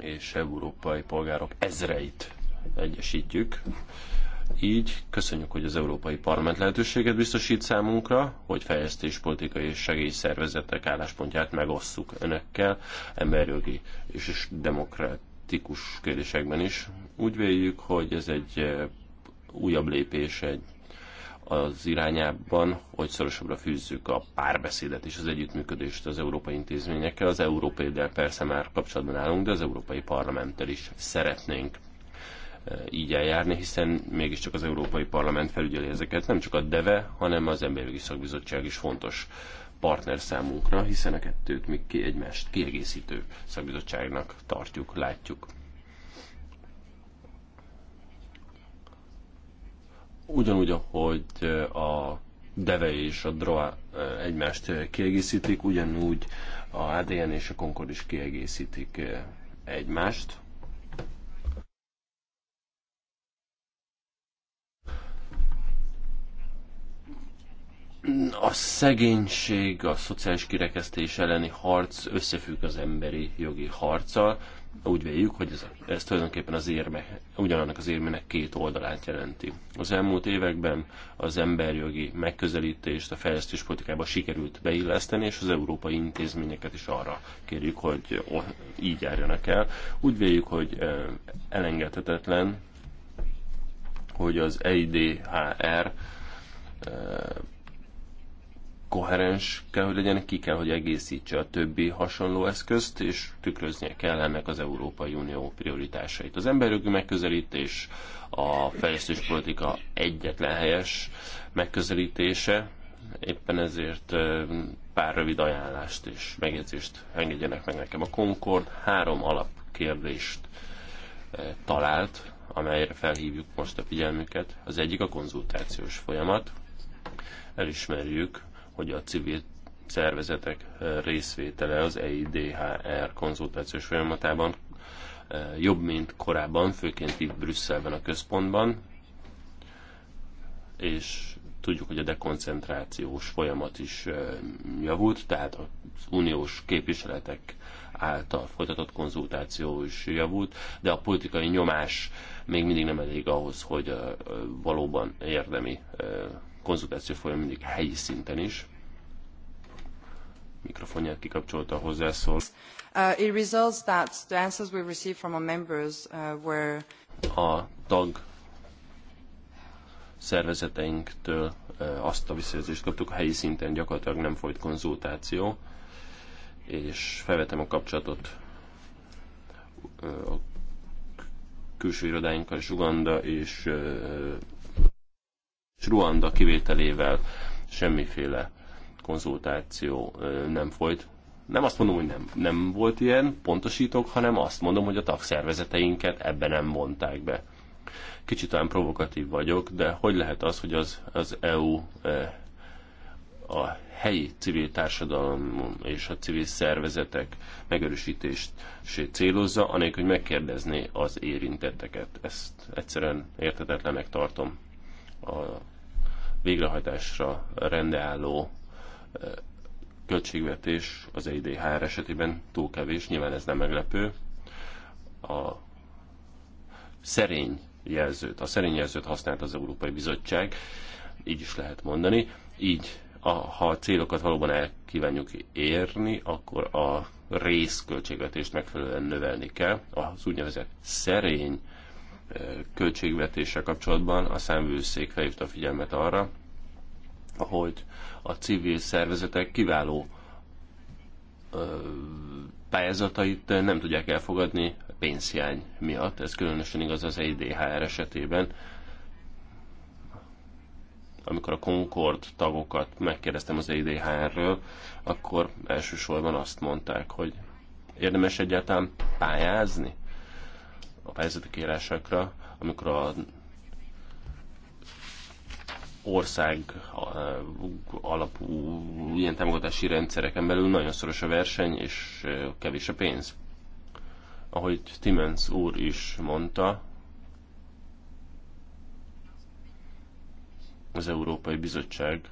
és európai polgárok ezreit egyesítjük. Így köszönjük, hogy az Európai Parlament lehetőséget biztosít számunkra, hogy fejlesztéspolitikai és segélyszervezetek álláspontját megosszuk önökkel, emberjogi és demokratikus kérdésekben is. Úgy véljük, hogy ez egy eh, újabb lépés egy az irányában, hogy szorosabbra fűzzük a párbeszédet és az együttműködést az európai intézményekkel. Az európai del persze már kapcsolatban állunk, de az európai parlamenttel is szeretnénk e, így eljárni, hiszen mégiscsak az Európai Parlament felügyeli ezeket, nem csak a DEVE, hanem az Emberi Szakbizottság is fontos partner számunkra, hiszen a kettőt mi egymást kiegészítő szakbizottságnak tartjuk, látjuk. Ugyanúgy, ahogy a DEVE és a DROA egymást kiegészítik, ugyanúgy a ADN és a Concord is kiegészítik egymást. a szegénység, a szociális kirekesztés elleni harc összefügg az emberi jogi harccal, úgy véljük, hogy ez, ez tulajdonképpen az érme, ugyanannak az érmének két oldalát jelenti. Az elmúlt években az emberjogi megközelítést a fejlesztéspolitikába sikerült beilleszteni, és az európai intézményeket is arra kérjük, hogy így járjanak el. Úgy véljük, hogy elengedhetetlen, hogy az EIDHR koherens kell, hogy legyen, ki kell, hogy egészítse a többi hasonló eszközt, és tükröznie kell ennek az Európai Unió prioritásait. Az emberjogi megközelítés, a politika egyetlen helyes megközelítése, éppen ezért pár rövid ajánlást és megjegyzést engedjenek meg nekem. A Concord három alapkérdést talált, amelyre felhívjuk most a figyelmüket. Az egyik a konzultációs folyamat. Elismerjük, hogy a civil szervezetek részvétele az EIDHR konzultációs folyamatában eh, jobb, mint korábban, főként itt Brüsszelben a központban, és tudjuk, hogy a dekoncentrációs folyamat is eh, javult, tehát az uniós képviseletek által folytatott konzultáció is javult, de a politikai nyomás még mindig nem elég ahhoz, hogy eh, valóban érdemi konzultáció folyam mindig helyi szinten is. Mikrofonját kikapcsolta a hozzászól. Uh, it results that the answers we received from our members uh, were... A tag szervezeteinktől uh, azt a visszajelzést kaptuk, a helyi szinten gyakorlatilag nem folyt konzultáció, és felvetem a kapcsolatot uh, a külső irodáinkkal, és Uganda és uh, és Ruanda kivételével semmiféle konzultáció nem folyt. Nem azt mondom, hogy nem, nem volt ilyen, pontosítok, hanem azt mondom, hogy a tagszervezeteinket ebben nem vonták be. Kicsit olyan provokatív vagyok, de hogy lehet az, hogy az, az EU a helyi civil társadalom és a civil szervezetek megerősítését célozza, anélkül, hogy megkérdezné az érintetteket. Ezt egyszerűen értetetlenek tartom a végrehajtásra rendeálló eh, költségvetés az EIDHR esetében túl kevés, nyilván ez nem meglepő. A szerény jelzőt, a szerény jelzőt használt az Európai Bizottság, így is lehet mondani, így a, ha a célokat valóban el kívánjuk érni, akkor a részköltségvetést megfelelően növelni kell. Az úgynevezett szerény költségvetése kapcsolatban a számvőszék felhívta a figyelmet arra, hogy a civil szervezetek kiváló pályázatait nem tudják elfogadni pénzhiány miatt. Ez különösen igaz az EIDHR esetében. Amikor a Concord tagokat megkérdeztem az EIDHR-ről, akkor elsősorban azt mondták, hogy érdemes egyáltalán pályázni? a pályázati kérésekre, amikor a ország alapú ilyen támogatási rendszereken belül nagyon szoros a verseny és kevés a pénz. Ahogy Timens úr is mondta, az Európai Bizottság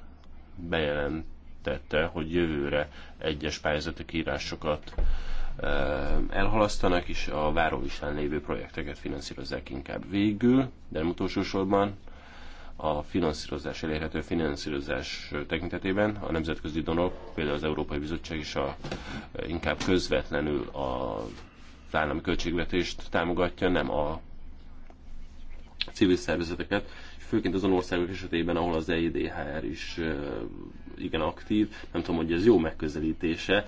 bejelentette, hogy jövőre egyes pályázati írásokat Eh, elhalasztanak, és a várólistán lévő projekteket finanszírozzák inkább végül, de nem utolsó sorban a finanszírozás, elérhető finanszírozás tekintetében a nemzetközi donok, például az Európai Bizottság is a, eh, inkább közvetlenül a állami költségvetést támogatja, nem a civil szervezeteket, és főként azon országok esetében, ahol az EIDHR is eh, igen aktív. Nem tudom, hogy ez jó megközelítése,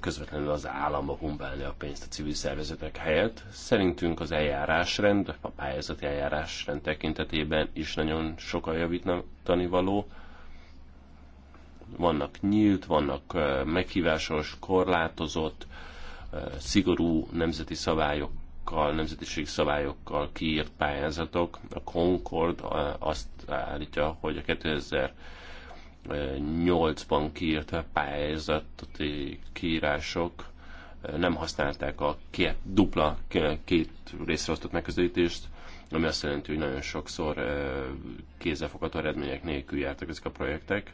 közvetlenül az a humbálni a pénzt a civil szervezetek helyett. Szerintünk az eljárásrend, a pályázati eljárásrend tekintetében is nagyon sokan javítani való. Vannak nyílt, vannak meghívásos, korlátozott, szigorú nemzeti szabályok nemzetiségi szabályokkal kiírt pályázatok. A Concord azt állítja, hogy a 2008-ban kiírt pályázati kiírások eh, nem használták a két, dupla két részre osztott megközelítést, ami azt jelenti, hogy nagyon sokszor eh, kézzelfogható eredmények nélkül jártak ezek a projektek.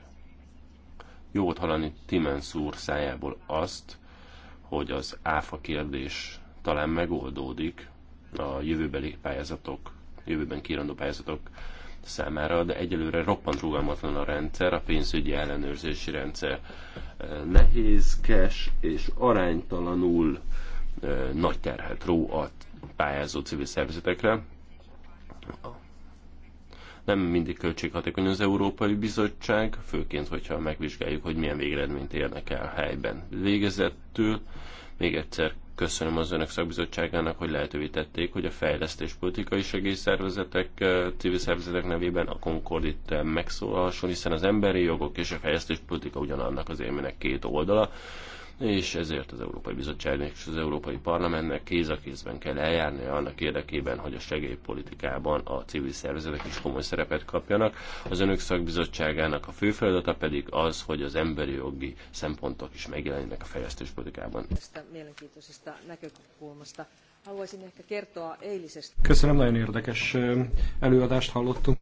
Jó volt hallani Timens úr szájából azt, hogy az áfa kérdés talán megoldódik a jövőbeli pályázatok, jövőben kiírandó pályázatok számára, de egyelőre roppant rugalmatlan a rendszer, a pénzügyi ellenőrzési rendszer nehézkes és aránytalanul nagy terhet ró a pályázó civil szervezetekre. Nem mindig költséghatékony az Európai Bizottság, főként, hogyha megvizsgáljuk, hogy milyen végeredményt érnek el helyben. Végezettől még egyszer Köszönöm az Önök szakbizottságának, hogy lehetővé tették, hogy a fejlesztés politikai segélyszervezetek, civil szervezetek nevében a itt megszólalson, hiszen az emberi jogok és a fejlesztés politika ugyanannak az élmének két oldala és ezért az Európai Bizottságnak és az Európai Parlamentnek kéz a kézben kell eljárni annak érdekében, hogy a segélypolitikában a civil szervezetek is komoly szerepet kapjanak. Az önök szakbizottságának a fő feladata pedig az, hogy az emberi jogi szempontok is megjelenjenek a fejlesztéspolitikában. Köszönöm, nagyon érdekes előadást hallottunk.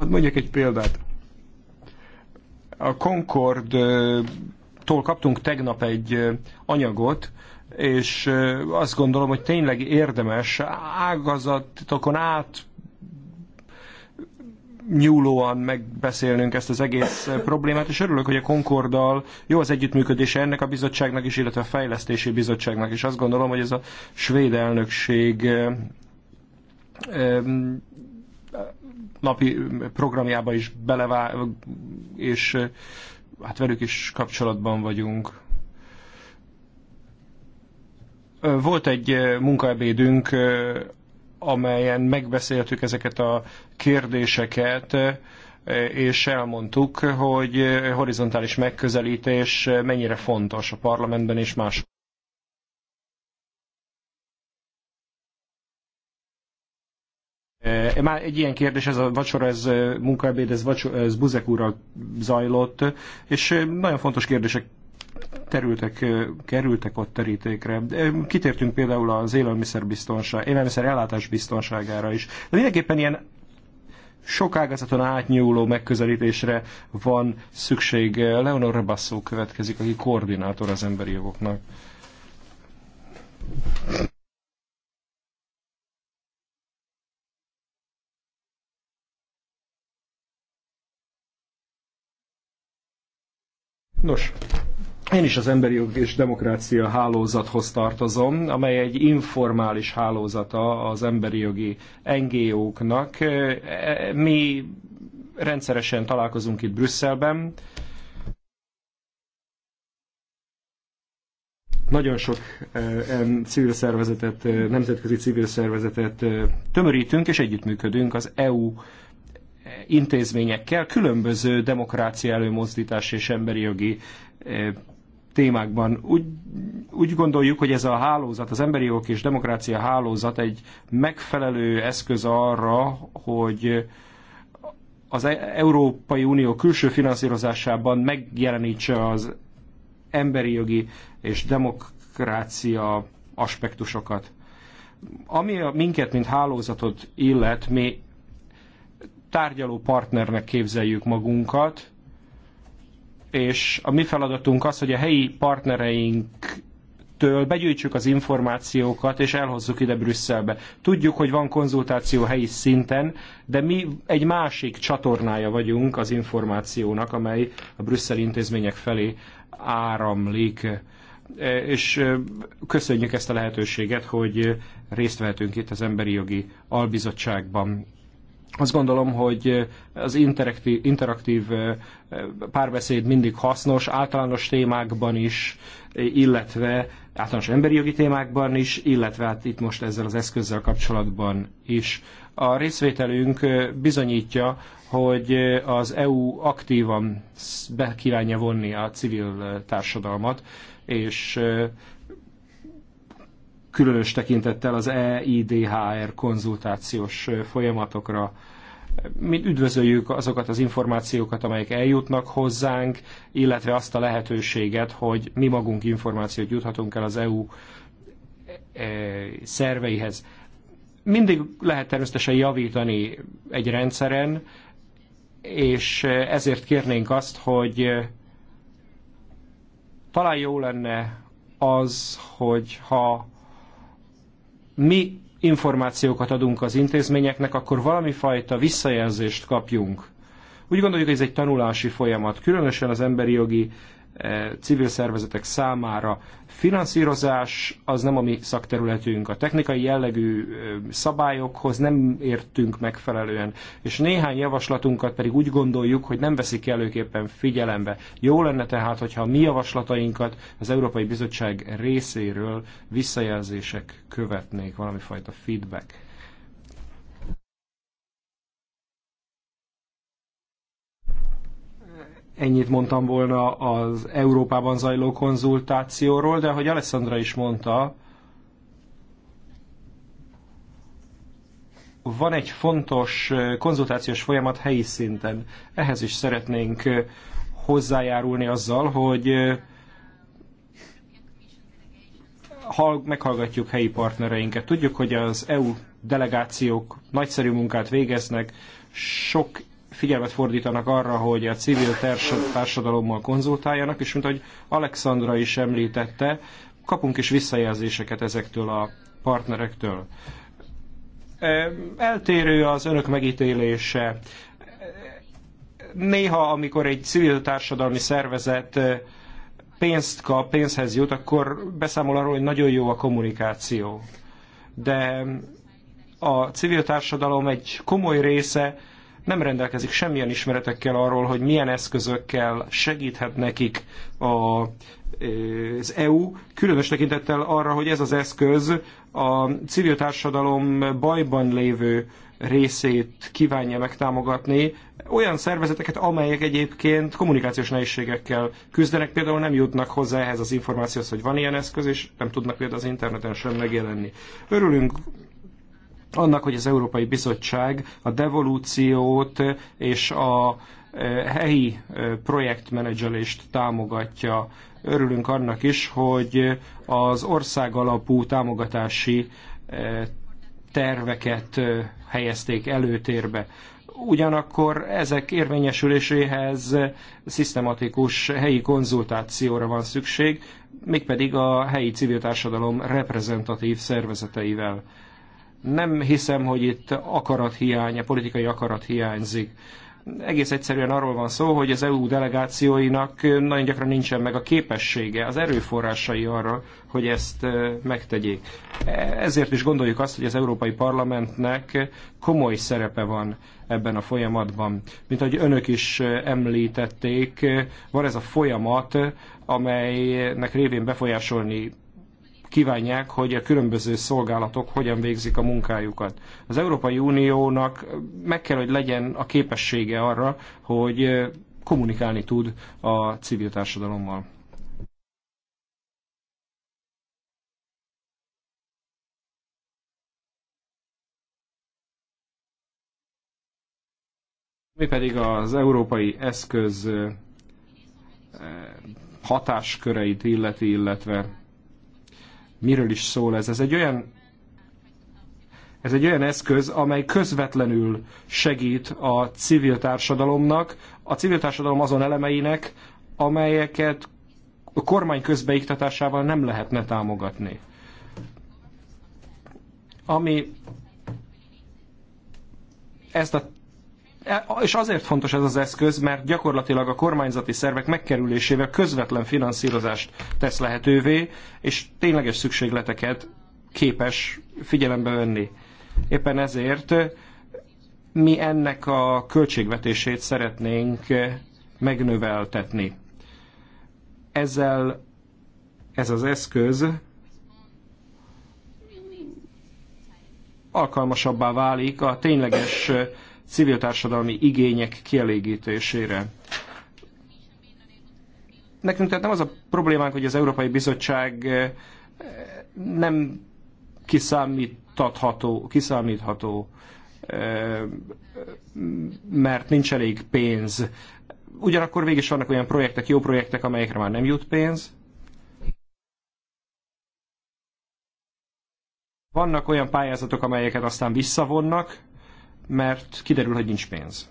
Hát mondjak egy példát. A Concord-tól kaptunk tegnap egy anyagot, és azt gondolom, hogy tényleg érdemes ágazatokon át nyúlóan megbeszélnünk ezt az egész problémát, és örülök, hogy a Concorddal jó az együttműködése ennek a bizottságnak is, illetve a fejlesztési bizottságnak is. Azt gondolom, hogy ez a svéd elnökség napi programjába is belevá, és hát velük is kapcsolatban vagyunk. Volt egy munkaebédünk, amelyen megbeszéltük ezeket a kérdéseket, és elmondtuk, hogy horizontális megközelítés mennyire fontos a parlamentben és máshol. Már egy ilyen kérdés, ez a vacsora, ez munkaebéd, ez, ez Buzek úrral zajlott, és nagyon fontos kérdések terültek, kerültek ott terítékre. Kitértünk például az élelmiszerbiztonság, élelmiszer ellátás biztonságára is. De mindenképpen ilyen sok ágazaton átnyúló megközelítésre van szükség. Leonor Rebasszó következik, aki koordinátor az emberi jogoknak. Nos, én is az Emberi Jog és Demokrácia hálózathoz tartozom, amely egy informális hálózata az emberi jogi NGO-knak. E, mi rendszeresen találkozunk itt Brüsszelben. Nagyon sok e, civil szervezetet, e, nemzetközi civil szervezetet tömörítünk és együttműködünk az EU intézményekkel különböző demokrácia előmozdítás és emberi jogi eh, témákban. Úgy, úgy gondoljuk, hogy ez a hálózat, az emberi jogok és demokrácia hálózat egy megfelelő eszköz arra, hogy az e- Európai Unió külső finanszírozásában megjelenítse az emberi jogi és demokrácia aspektusokat. Ami a minket, mint hálózatot illet, mi tárgyaló partnernek képzeljük magunkat, és a mi feladatunk az, hogy a helyi partnereinktől begyűjtsük az információkat, és elhozzuk ide Brüsszelbe. Tudjuk, hogy van konzultáció helyi szinten, de mi egy másik csatornája vagyunk az információnak, amely a brüsszeli intézmények felé áramlik. E, és e, köszönjük ezt a lehetőséget, hogy részt vehetünk itt az Emberi Jogi Albizottságban azt gondolom, hogy az interaktív, interaktív párbeszéd mindig hasznos, általános témákban is, illetve általános emberi jogi témákban is, illetve hát itt most ezzel az eszközzel kapcsolatban is. A részvételünk bizonyítja, hogy az EU aktívan be kívánja vonni a civil társadalmat, és különös tekintettel az EIDHR konzultációs folyamatokra. Mi üdvözöljük azokat az információkat, amelyek eljutnak hozzánk, illetve azt a lehetőséget, hogy mi magunk információt juthatunk el az EU e, szerveihez. Mindig lehet természetesen javítani egy rendszeren, és ezért kérnénk azt, hogy talán jó lenne az, hogy ha mi információkat adunk az intézményeknek, akkor valami fajta visszajelzést kapjunk. Úgy gondoljuk, hogy ez egy tanulási folyamat, különösen az emberi jogi E, civil szervezetek számára. Finanszírozás az nem a mi szakterületünk. A technikai jellegű e, szabályokhoz nem értünk megfelelően, és néhány javaslatunkat pedig úgy gondoljuk, hogy nem veszik előképpen figyelembe. Jó lenne tehát, hogyha a mi javaslatainkat az Európai Bizottság részéről visszajelzések követnék, valami fajta feedback. Ennyit mondtam volna az Európában zajló konzultációról, de ahogy Alessandra is mondta, van egy fontos eh, konzultációs folyamat helyi szinten. Ehhez is szeretnénk eh, hozzájárulni azzal, hogy eh, meghallgatjuk helyi partnereinket. Tudjuk, hogy az EU delegációk nagyszerű munkát végeznek, sok figyelmet fordítanak arra, hogy a civil társadalommal konzultáljanak, és mint ahogy Alexandra is említette, kapunk is visszajelzéseket ezektől a partnerektől. Eltérő az önök megítélése. Néha, amikor egy civil társadalmi szervezet pénzt kap, pénzhez jut, akkor beszámol arról, hogy nagyon jó a kommunikáció. De a civil társadalom egy komoly része nem rendelkezik semmilyen ismeretekkel arról, hogy milyen eszközökkel segíthet nekik a, az EU, különös tekintettel arra, hogy ez az eszköz a civil társadalom bajban lévő részét kívánja megtámogatni, olyan szervezeteket, amelyek egyébként kommunikációs nehézségekkel küzdenek, például nem jutnak hozzá ehhez az információhoz, hogy van ilyen eszköz, és nem tudnak például az interneten sem megjelenni. Örülünk annak, hogy az Európai Bizottság a devolúciót és a eh, helyi eh, projektmenedzselést támogatja. Örülünk annak is, hogy az ország alapú támogatási eh, terveket helyezték előtérbe. Ugyanakkor ezek érvényesüléséhez szisztematikus helyi konzultációra van szükség, mégpedig a helyi civil társadalom reprezentatív szervezeteivel nem hiszem, hogy itt akarat hiánya, politikai akarat hiányzik egész egyszerűen arról van szó, hogy az EU delegációinak nagyon gyakran nincsen meg a képessége, az erőforrásai arra, hogy ezt megtegyék. Ezért is gondoljuk azt, hogy az Európai Parlamentnek komoly szerepe van ebben a folyamatban. Mint ahogy önök is említették, van ez a folyamat, amelynek révén befolyásolni kívánják, hogy a különböző szolgálatok hogyan végzik a munkájukat. Az Európai Uniónak meg kell, hogy legyen a képessége arra, hogy kommunikálni tud a civil társadalommal. Mi pedig az európai eszköz hatásköreit illeti, illetve miről is szól ez. Ez egy olyan ez egy olyan eszköz, amely közvetlenül segít a civil társadalomnak, a civil társadalom azon elemeinek, amelyeket a kormány közbeiktatásával nem lehetne támogatni. Ami ezt a E, és azért fontos ez az eszköz, mert gyakorlatilag a kormányzati szervek megkerülésével közvetlen finanszírozást tesz lehetővé, és tényleges szükségleteket képes figyelembe venni. Éppen ezért mi ennek a költségvetését szeretnénk megnöveltetni. Ezzel ez az eszköz alkalmasabbá válik a tényleges civil társadalmi igények kielégítésére. Nekünk tehát nem az a problémánk, hogy az Európai Bizottság eh, nem kiszámítható, kiszámítható eh, mert nincs elég pénz. Ugyanakkor végig is vannak olyan projektek, jó projektek, amelyekre már nem jut pénz. Vannak olyan pályázatok, amelyeket aztán visszavonnak, mert kiderül, hogy nincs pénz.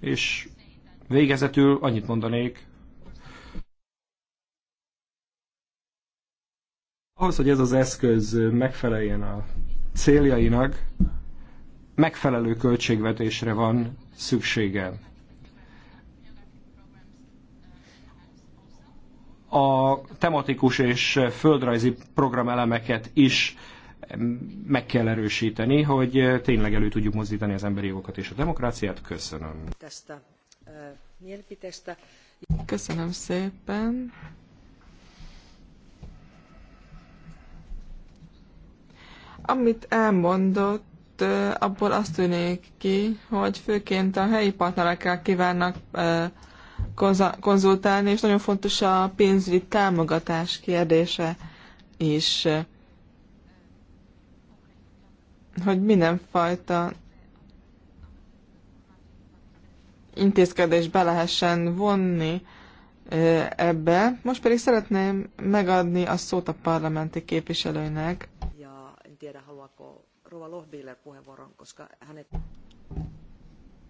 És végezetül annyit mondanék, ahhoz, hogy ez az eszköz megfeleljen a céljainak, megfelelő költségvetésre van szüksége. A tematikus és földrajzi programelemeket is meg kell erősíteni, hogy eh, tényleg elő tudjuk mozdítani az emberi jogokat és a demokráciát. Köszönöm. Eh, Köszönöm szépen. Amit elmondott, eh, abból azt tűnik ki, hogy főként a helyi partnerekkel kívánnak konzultálni, és nagyon fontos a pénzügyi támogatás kérdése is hogy mindenfajta intézkedés be lehessen vonni ebbe. Most pedig szeretném megadni a szót a parlamenti képviselőnek. Ja, koska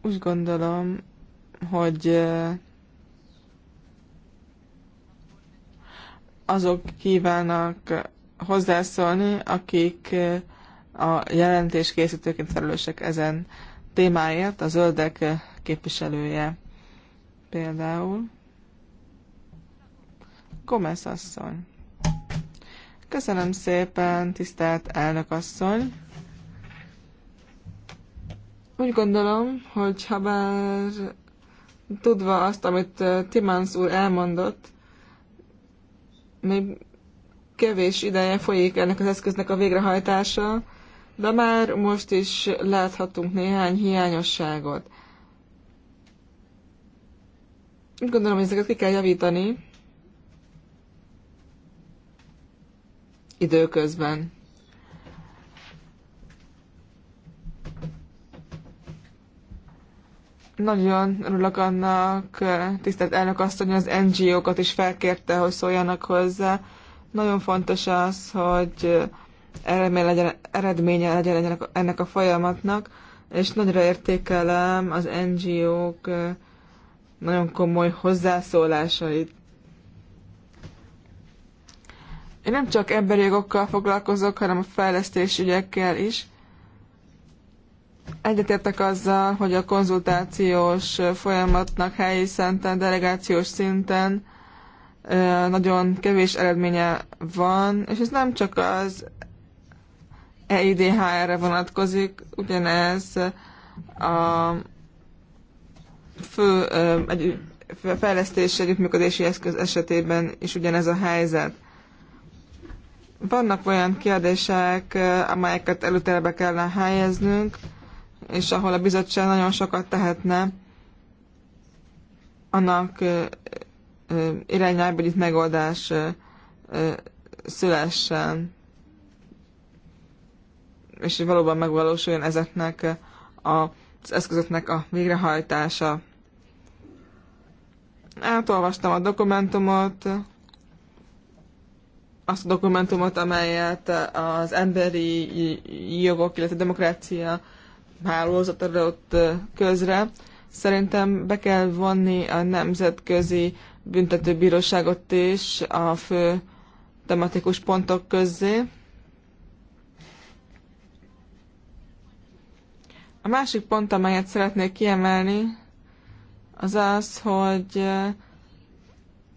Úgy gondolom, hogy azok kívánnak hozzászólni, akik a jelentés készítőként felelősek ezen témáért, a zöldek képviselője például. Gomez asszony. Köszönöm szépen, tisztelt elnök asszony. Úgy gondolom, hogy ha bár tudva azt, amit Timánsz úr elmondott, még kevés ideje folyik ennek az eszköznek a végrehajtása, de már most is láthatunk néhány hiányosságot. Úgy gondolom, hogy ezeket ki kell javítani időközben. Nagyon örülök annak, tisztelt elnök azt hogy az NGO-kat is felkérte, hogy szóljanak hozzá. Nagyon fontos az, hogy eredménye legyen, eredménye legyen ennek, ennek a folyamatnak, és nagyra értékelem az NGO-k nagyon komoly hozzászólásait. Én nem csak emberi jogokkal foglalkozok, hanem a fejlesztés ügyekkel is. Egyetértek azzal, hogy a konzultációs folyamatnak helyi szinten, delegációs szinten nagyon kevés eredménye van, és ez nem csak az EIDHR-re vonatkozik, ugyanez a fő egy, fejlesztési együttműködési eszköz esetében is ugyanez a helyzet. Vannak olyan kérdések, amelyeket előterbe kellene helyeznünk, és ahol a bizottság nagyon sokat tehetne annak irányába, hogy itt megoldás szülessen és hogy valóban megvalósuljon ezeknek az eszközöknek a végrehajtása. Átolvastam a dokumentumot, azt a dokumentumot, amelyet az emberi jogok, illetve demokrácia hálózat adott közre. Szerintem be kell vonni a nemzetközi büntetőbíróságot is a fő tematikus pontok közé. A másik pont, amelyet szeretnék kiemelni, az az, hogy eh,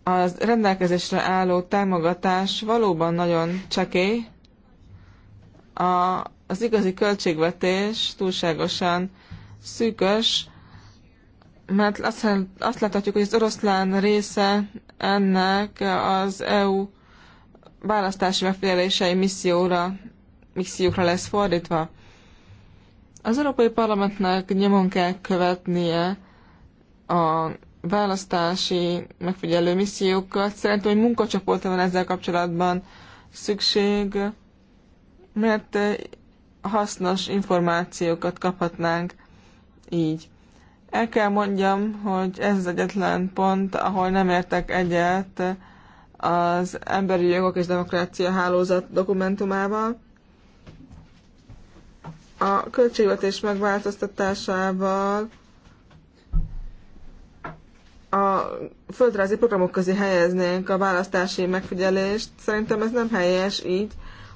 a rendelkezésre álló támogatás valóban nagyon csekély. A, az igazi költségvetés túlságosan szűkös, mert azt, azt láthatjuk, hogy az oroszlán része ennek az EU választási megfigyelései misszióra, missziókra lesz fordítva. Az Európai Parlamentnek nyomon kell követnie a választási megfigyelő missziókat. Szerintem, hogy munkacsoportra van ezzel kapcsolatban szükség, mert eh, hasznos információkat kaphatnánk így. El kell mondjam, hogy ez az egyetlen pont, ahol nem értek egyet az Emberi Jogok és Demokrácia Hálózat dokumentumával. A költségvetés megváltoztatásával a földrajzi programok közé helyeznénk a választási megfigyelést. Szerintem ez nem helyes így.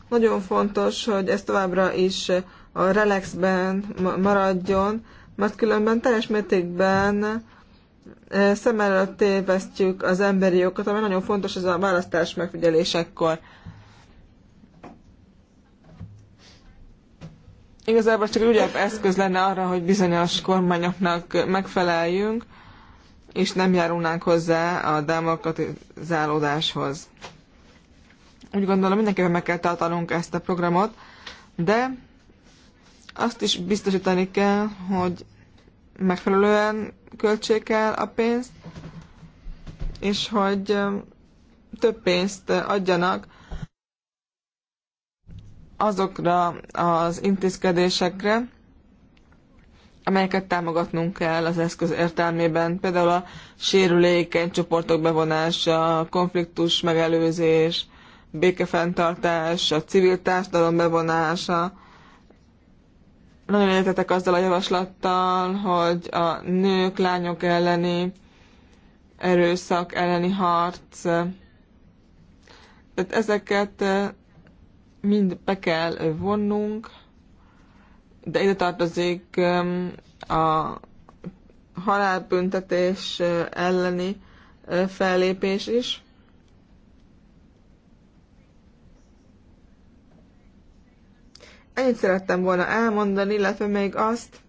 Nagyon fontos, hogy ez továbbra is a relaxben maradjon, mert különben teljes mértékben e, szem előtt tévesztjük az emberi jogokat, ami nagyon fontos ez a választás megfigyelésekkor. igazából csak egy eszköz lenne arra, hogy bizonyos kormányoknak megfeleljünk, és nem járulnánk hozzá a demokratizálódáshoz. Úgy gondolom, mindenképpen meg kell tartanunk ezt a programot, de azt is biztosítani kell, hogy megfelelően költsék el a pénzt, és hogy több pénzt adjanak azokra az intézkedésekre, amelyeket támogatnunk kell az eszköz értelmében, például a sérülékeny csoportok bevonása, konfliktus megelőzés, békefenntartás, a civil társadalom bevonása. Nagyon értetek azzal a javaslattal, hogy a nők, lányok elleni erőszak elleni harc. Tehát ezeket mind be kell vonnunk, de ide tartozik um, a halálbüntetés uh, elleni uh, fellépés is. Ennyit szerettem volna elmondani, illetve még azt,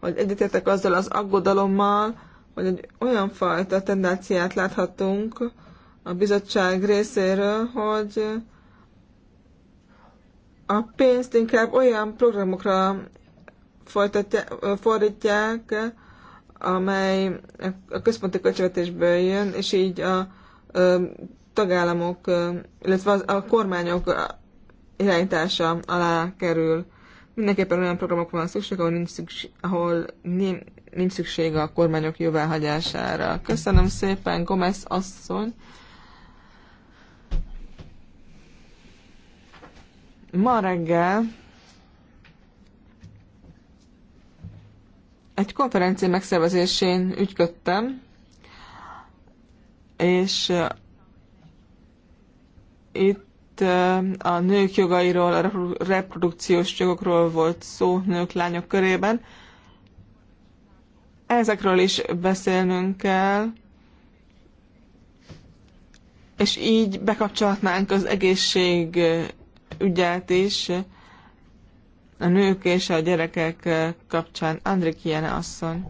hogy egyetértek azzal az aggodalommal, hogy egy olyan fajta tendenciát láthatunk a bizottság részéről, hogy a pénzt inkább olyan programokra fordítják, amely a központi költségvetésből jön, és így a tagállamok, illetve a kormányok irányítása alá kerül. Mindenképpen olyan programok van szükség, ahol nincs szükség, ahol nincs szükség a kormányok jóváhagyására. Köszönöm szépen, Gomez asszony! Ma reggel egy konferencia megszervezésén ügyködtem, és eh, itt eh, a nők jogairól, a reprodukciós jogokról volt szó nők, lányok körében. Ezekről is beszélnünk kell, és így bekapcsolhatnánk az egészség eh, ügyet is a nők és a gyerekek kapcsán. Andrik Jene asszony.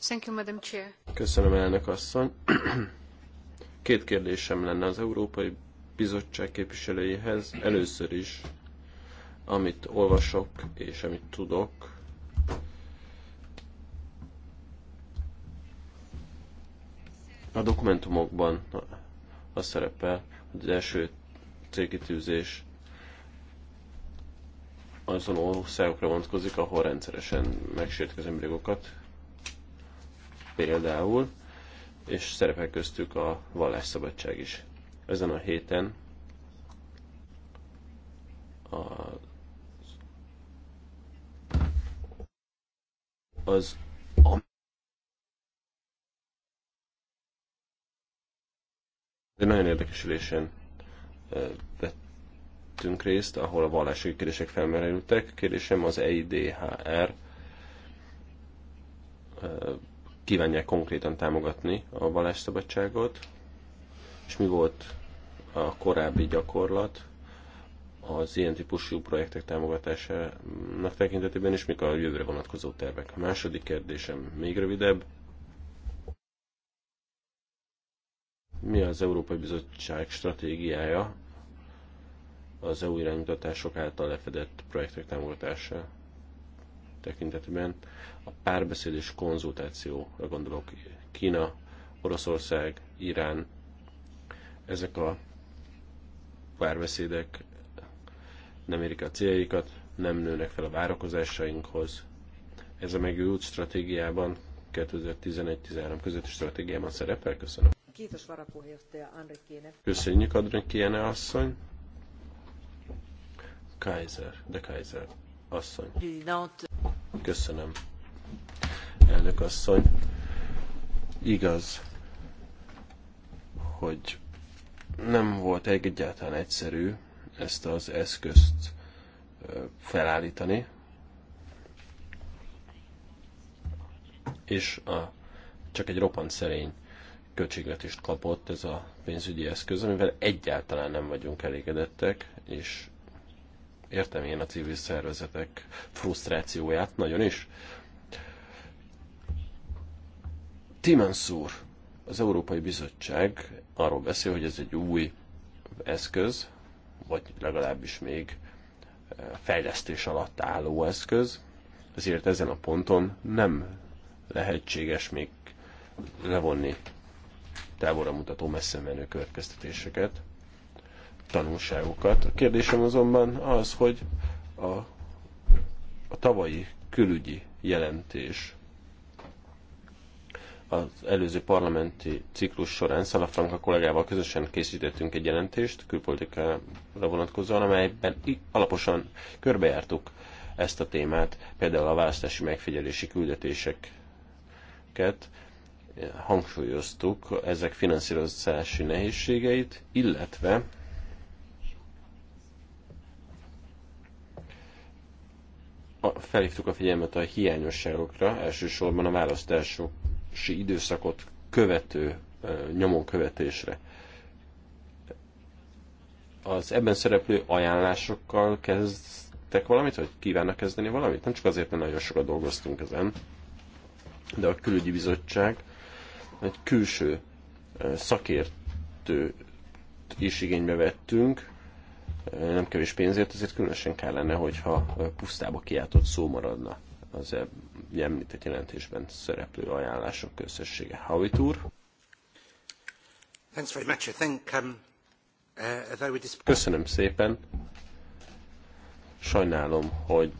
Thank you, Madam Chair. Köszönöm, elnök asszony. Két kérdésem lenne az Európai Bizottság képviselőjéhez. Először is, amit olvasok és amit tudok, A dokumentumokban az szerepel, hogy az első cégkitűzés azon országokra vonatkozik, ahol rendszeresen megsértik az például, és szerepel köztük a vallásszabadság is. Ezen a héten az Egy nagyon érdekes ülésen vettünk részt, ahol a vallási kérdések felmerültek. Kérdésem az EIDHR kívánják konkrétan támogatni a vallásszabadságot, és mi volt a korábbi gyakorlat az ilyen típusú projektek támogatásának tekintetében, és mik a jövőre vonatkozó tervek. A második kérdésem még rövidebb. mi az Európai Bizottság stratégiája az EU iránymutatások által lefedett projektek támogatása tekintetében. A párbeszéd és konzultációra gondolok Kína, Oroszország, Irán. Ezek a párbeszédek nem érik a céljaikat, nem nőnek fel a várakozásainkhoz. Ez a megújult stratégiában 2011-13 közötti stratégiában szerepel? Köszönöm. Kiitos varapuheenjohtaja Andrikiene. Köszönjük asszony. Kaiser, de Kaiser asszony. Köszönöm. Elnök asszony. Igaz, hogy nem volt egyáltalán egyszerű ezt az eszközt felállítani, és a, csak egy roppant szerény költségvetést kapott ez a pénzügyi eszköz, amivel egyáltalán nem vagyunk elégedettek, és értem én a civil szervezetek frusztrációját, nagyon is. Timens úr, az Európai Bizottság arról beszél, hogy ez egy új eszköz, vagy legalábbis még eh, fejlesztés alatt álló eszköz, ezért ezen a ponton nem lehetséges még levonni távolra mutató messze menő következtetéseket, tanulságokat. A kérdésem azonban az, hogy a, a tavalyi külügyi jelentés az előző parlamenti ciklus során Szalafranka kollégával közösen készítettünk egy jelentést külpolitikára vonatkozóan, amelyben alaposan körbejártuk ezt a témát, például a választási megfigyelési küldetéseket, hangsúlyoztuk ezek finanszírozási nehézségeit, illetve felhívtuk a figyelmet a hiányosságokra, elsősorban a választási időszakot követő nyomon követésre. Az ebben szereplő ajánlásokkal kezdtek valamit, vagy kívánnak kezdeni valamit? Nem csak azért, mert nagyon sokat dolgoztunk ezen, de a külügyi bizottság egy külső szakértőt is igénybe vettünk, nem kevés pénzért, ezért különösen kell lenne, hogyha pusztába kiáltott szó maradna az e- említett jelentésben szereplő ajánlások közössége. Howitt úr. Um, uh, Köszönöm szépen. Sajnálom, hogy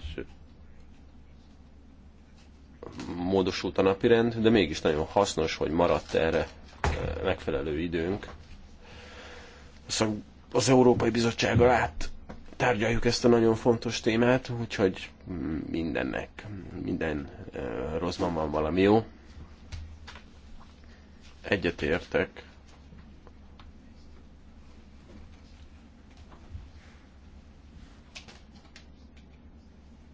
módosult a napirend, de mégis nagyon hasznos, hogy maradt erre eh, megfelelő időnk. Szóval az Európai Bizottsággal át tárgyaljuk ezt a nagyon fontos témát, úgyhogy mindennek, minden eh, rosszban van valami jó. Egyetértek.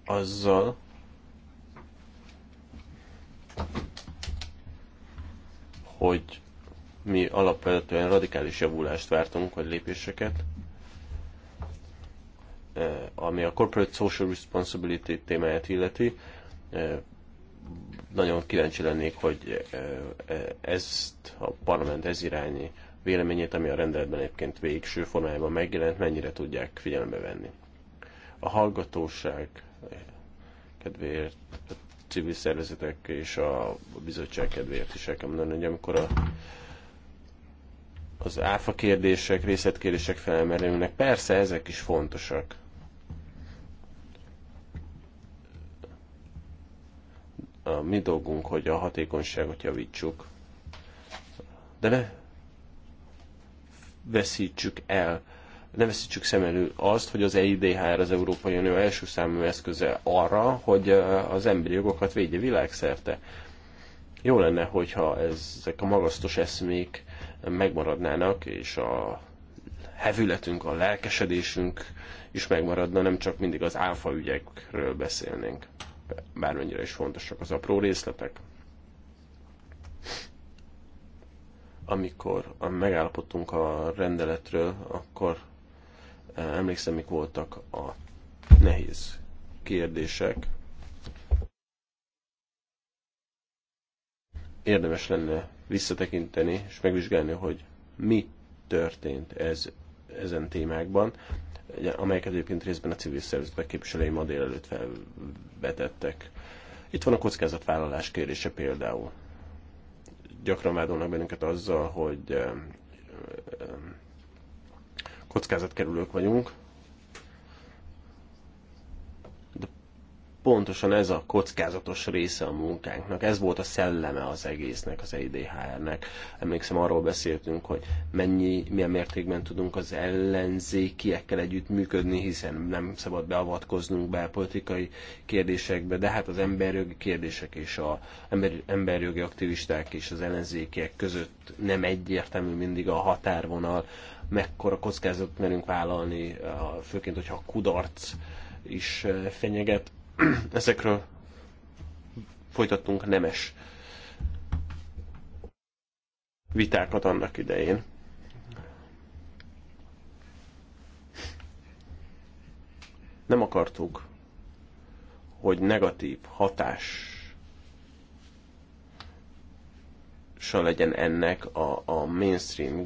Azzal, hogy mi alapvetően radikális javulást vártunk, vagy lépéseket, eh, ami a Corporate Social Responsibility témáját illeti. Eh, nagyon kíváncsi lennék, hogy eh, ezt a parlament ez irányi véleményét, ami a rendeletben egyébként végső formájában megjelent, mennyire tudják figyelembe venni. A hallgatóság kedvéért civil szervezetek és a bizottság kedvéért is el kell mondani, hogy amikor a, az áfa kérdések, részletkérdések felmerülnek, persze ezek is fontosak. A mi dolgunk, hogy a hatékonyságot javítsuk, de ne veszítsük el ne veszítsük szem elől azt, hogy az EIDHR az Európai Unió első számú eszköze arra, hogy az emberi jogokat védje világszerte. Jó lenne, hogyha ezek a magasztos eszmék megmaradnának, és a hevületünk, a lelkesedésünk is megmaradna, nem csak mindig az álfa ügyekről beszélnénk. Bármennyire is fontosak az apró részletek. Amikor megállapodtunk a rendeletről, akkor Emlékszem, mik voltak a nehéz kérdések. Érdemes lenne visszatekinteni és megvizsgálni, hogy mi történt ez, ezen témákban, amelyeket egyébként részben a civil szervezetek képviselői ma délelőtt felvetettek. Itt van a kockázatvállalás kérdése például. Gyakran vádolnak bennünket azzal, hogy kockázatkerülők vagyunk, de pontosan ez a kockázatos része a munkánknak. Ez volt a szelleme az egésznek, az EIDHR-nek. Emlékszem, arról beszéltünk, hogy mennyi, milyen mértékben tudunk az ellenzékiekkel együtt működni, hiszen nem szabad beavatkoznunk be a politikai kérdésekbe, de hát az emberjogi kérdések és az ember, emberjogi aktivisták és az ellenzékiek között nem egyértelmű mindig a határvonal, mekkora kockázatot merünk vállalni, főként, hogyha a kudarc is fenyeget. Ezekről folytattunk nemes vitákat annak idején. Nem akartuk, hogy negatív hatás legyen ennek a, a mainstream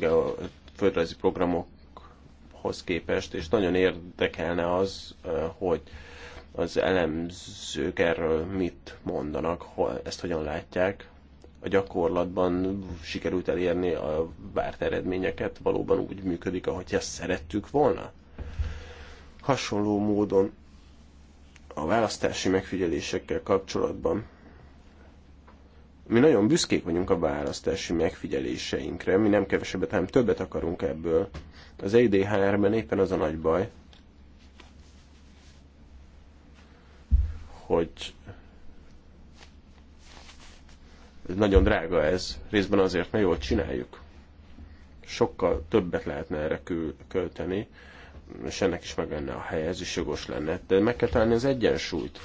földrajzi programokhoz képest, és nagyon érdekelne az, hogy az elemzők erről mit mondanak, ezt hogyan látják, a gyakorlatban sikerült elérni a várt eredményeket, valóban úgy működik, ahogy ezt szerettük volna. Hasonló módon a választási megfigyelésekkel kapcsolatban mi nagyon büszkék vagyunk a választási megfigyeléseinkre, mi nem kevesebbet, hanem többet akarunk ebből. Az EIDHR-ben éppen az a nagy baj, hogy ez nagyon drága ez, részben azért, mert jól csináljuk. Sokkal többet lehetne erre költeni, és ennek is meg lenne a helye, ez is jogos lenne. De meg kell találni az egyensúlyt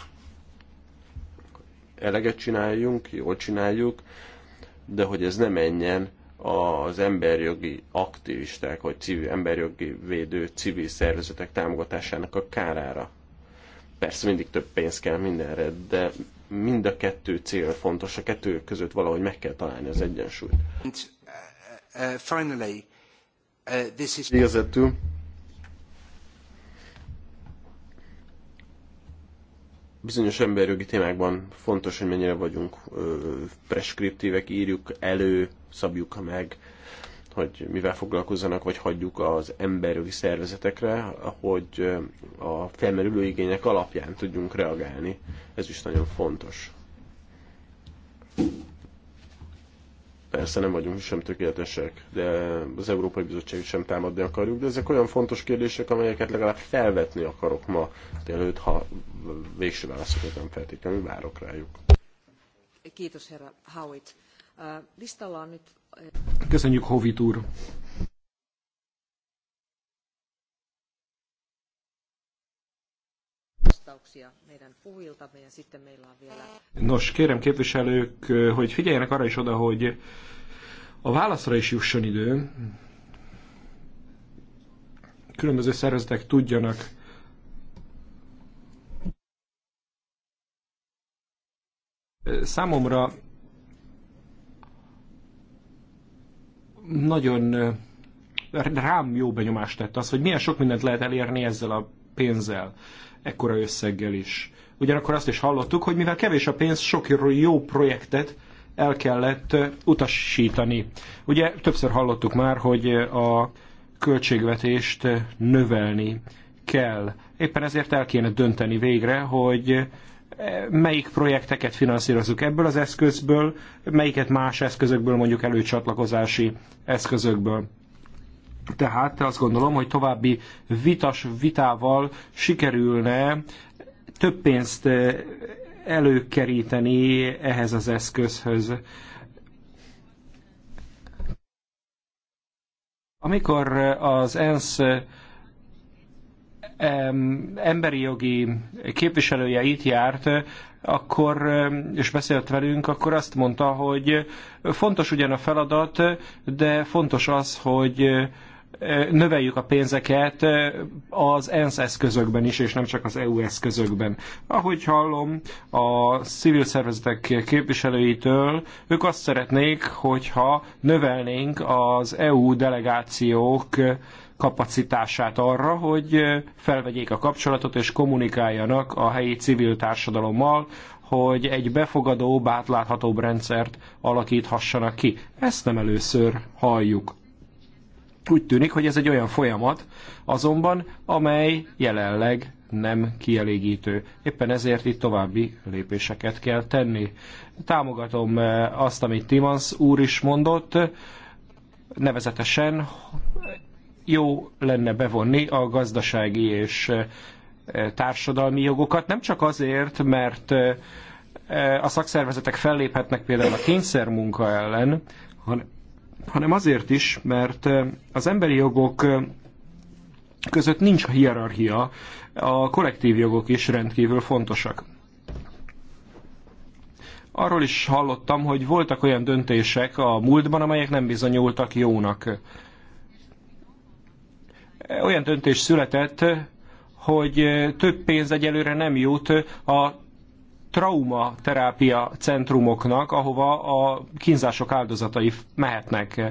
eleget csináljunk, jól csináljuk, de hogy ez ne menjen az emberjogi aktivisták, vagy civil, emberjogi védő civil szervezetek támogatásának a kárára. Persze mindig több pénz kell mindenre, de mind a kettő cél fontos, a kettő között valahogy meg kell találni az egyensúlyt. And, uh, uh, uh Végezetül bizonyos emberjogi témákban fontos, hogy mennyire vagyunk preskriptívek, írjuk elő, szabjuk meg, hogy mivel foglalkozzanak, vagy hagyjuk az emberjogi szervezetekre, hogy a felmerülő igények alapján tudjunk reagálni. Ez is nagyon fontos. Persze nem vagyunk sem tökéletesek, de az Európai bizottság sem támadni akarjuk, de ezek olyan fontos kérdések, amelyeket legalább felvetni akarok ma délőtt, ha végső válaszokat nem feltétlenül várok rájuk. Howitt. Köszönjük, Hovit úr. vastauksia meidän puhujiltamme ja sitten meillä on vielä... Nos, kérem képviselők, hogy figyeljenek arra is oda, hogy a válaszra is jusson idő. Különböző szervezetek tudjanak Számomra nagyon rám jó benyomást tett az, hogy milyen sok mindent lehet elérni ezzel a pénzzel ekkora összeggel is. Ugyanakkor azt is hallottuk, hogy mivel kevés a pénz, sok jó projektet el kellett utasítani. Ugye többször hallottuk már, hogy a költségvetést növelni kell. Éppen ezért el kéne dönteni végre, hogy melyik projekteket finanszírozunk ebből az eszközből, melyiket más eszközökből, mondjuk előcsatlakozási eszközökből. Tehát azt gondolom, hogy további vitas vitával sikerülne több pénzt eh, előkeríteni ehhez az eszközhöz. Amikor az ENSZ emberi jogi képviselője itt járt, akkor, eh, és beszélt velünk, akkor azt mondta, hogy fontos ugyan a feladat, de fontos az, hogy eh, növeljük a pénzeket az ENSZ eszközökben is, és nem csak az EU eszközökben. Ahogy hallom a civil szervezetek képviselőitől, ők azt szeretnék, hogyha növelnénk az EU delegációk kapacitását arra, hogy felvegyék a kapcsolatot és kommunikáljanak a helyi civil társadalommal, hogy egy befogadó, bátláthatóbb rendszert alakíthassanak ki. Ezt nem először halljuk. Úgy tűnik, hogy ez egy olyan folyamat azonban, amely jelenleg nem kielégítő. Éppen ezért itt további lépéseket kell tenni. Támogatom eh, azt, amit Timans úr is mondott, nevezetesen jó lenne bevonni a gazdasági és eh, társadalmi jogokat, nem csak azért, mert eh, a szakszervezetek felléphetnek például a kényszermunka ellen, hanem azért is, mert az emberi jogok között nincs hierarchia, a kollektív jogok is rendkívül fontosak. Arról is hallottam, hogy voltak olyan döntések a múltban, amelyek nem bizonyultak jónak. Olyan döntés született, hogy több pénz egyelőre nem jut a traumaterápia centrumoknak, ahova a kínzások áldozatai mehetnek.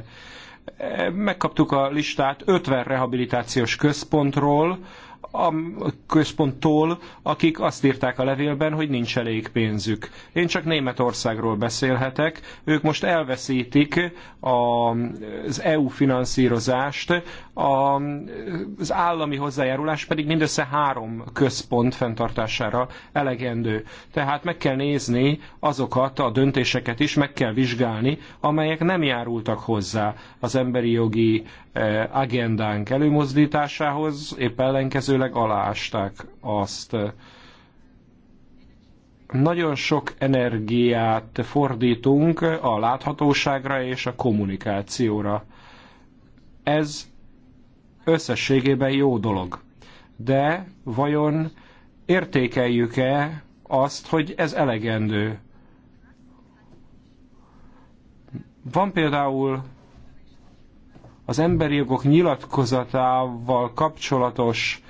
Megkaptuk a listát 50 rehabilitációs központról, a központtól, akik azt írták a levélben, hogy nincs elég pénzük. Én csak Németországról beszélhetek. Ők most elveszítik az EU finanszírozást az állami hozzájárulás pedig mindössze három központ fenntartására elegendő. Tehát meg kell nézni azokat a döntéseket is, meg kell vizsgálni, amelyek nem járultak hozzá az emberi jogi eh, agendánk előmozdításához, épp ellenkezőleg aláásták azt nagyon sok energiát fordítunk a láthatóságra és a kommunikációra. Ez összességében jó dolog. De vajon értékeljük-e azt, hogy ez elegendő? Van például az emberi jogok nyilatkozatával kapcsolatos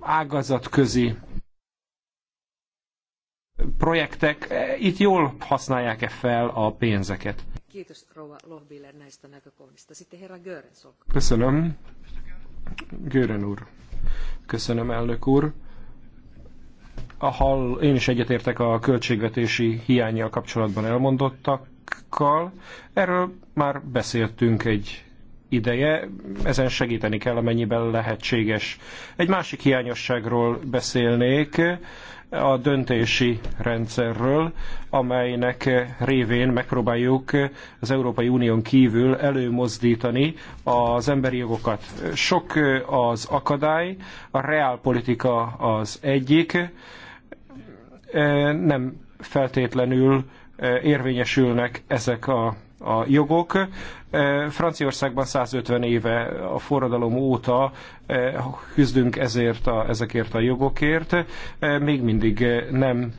ágazatközi projektek, eh, itt jól használják-e fel a pénzeket? Kiitos rouva Lohbiller näistä näkökohdista. Sitten herra Görens, Köszönöm. Gören úr. Köszönöm, elnök úr. A hall, én is egyetértek a költségvetési hiányjal kapcsolatban elmondottakkal. Erről már beszéltünk egy ideje, ezen segíteni kell, amennyiben lehetséges. Egy másik hiányosságról beszélnék, a döntési rendszerről, amelynek révén megpróbáljuk az Európai Unión kívül előmozdítani az emberi jogokat. Sok az akadály, a reálpolitika az egyik, nem feltétlenül érvényesülnek ezek a a jogok. E, Franciaországban 150 éve a forradalom óta e, küzdünk ezért a, ezekért a jogokért. E, még mindig nem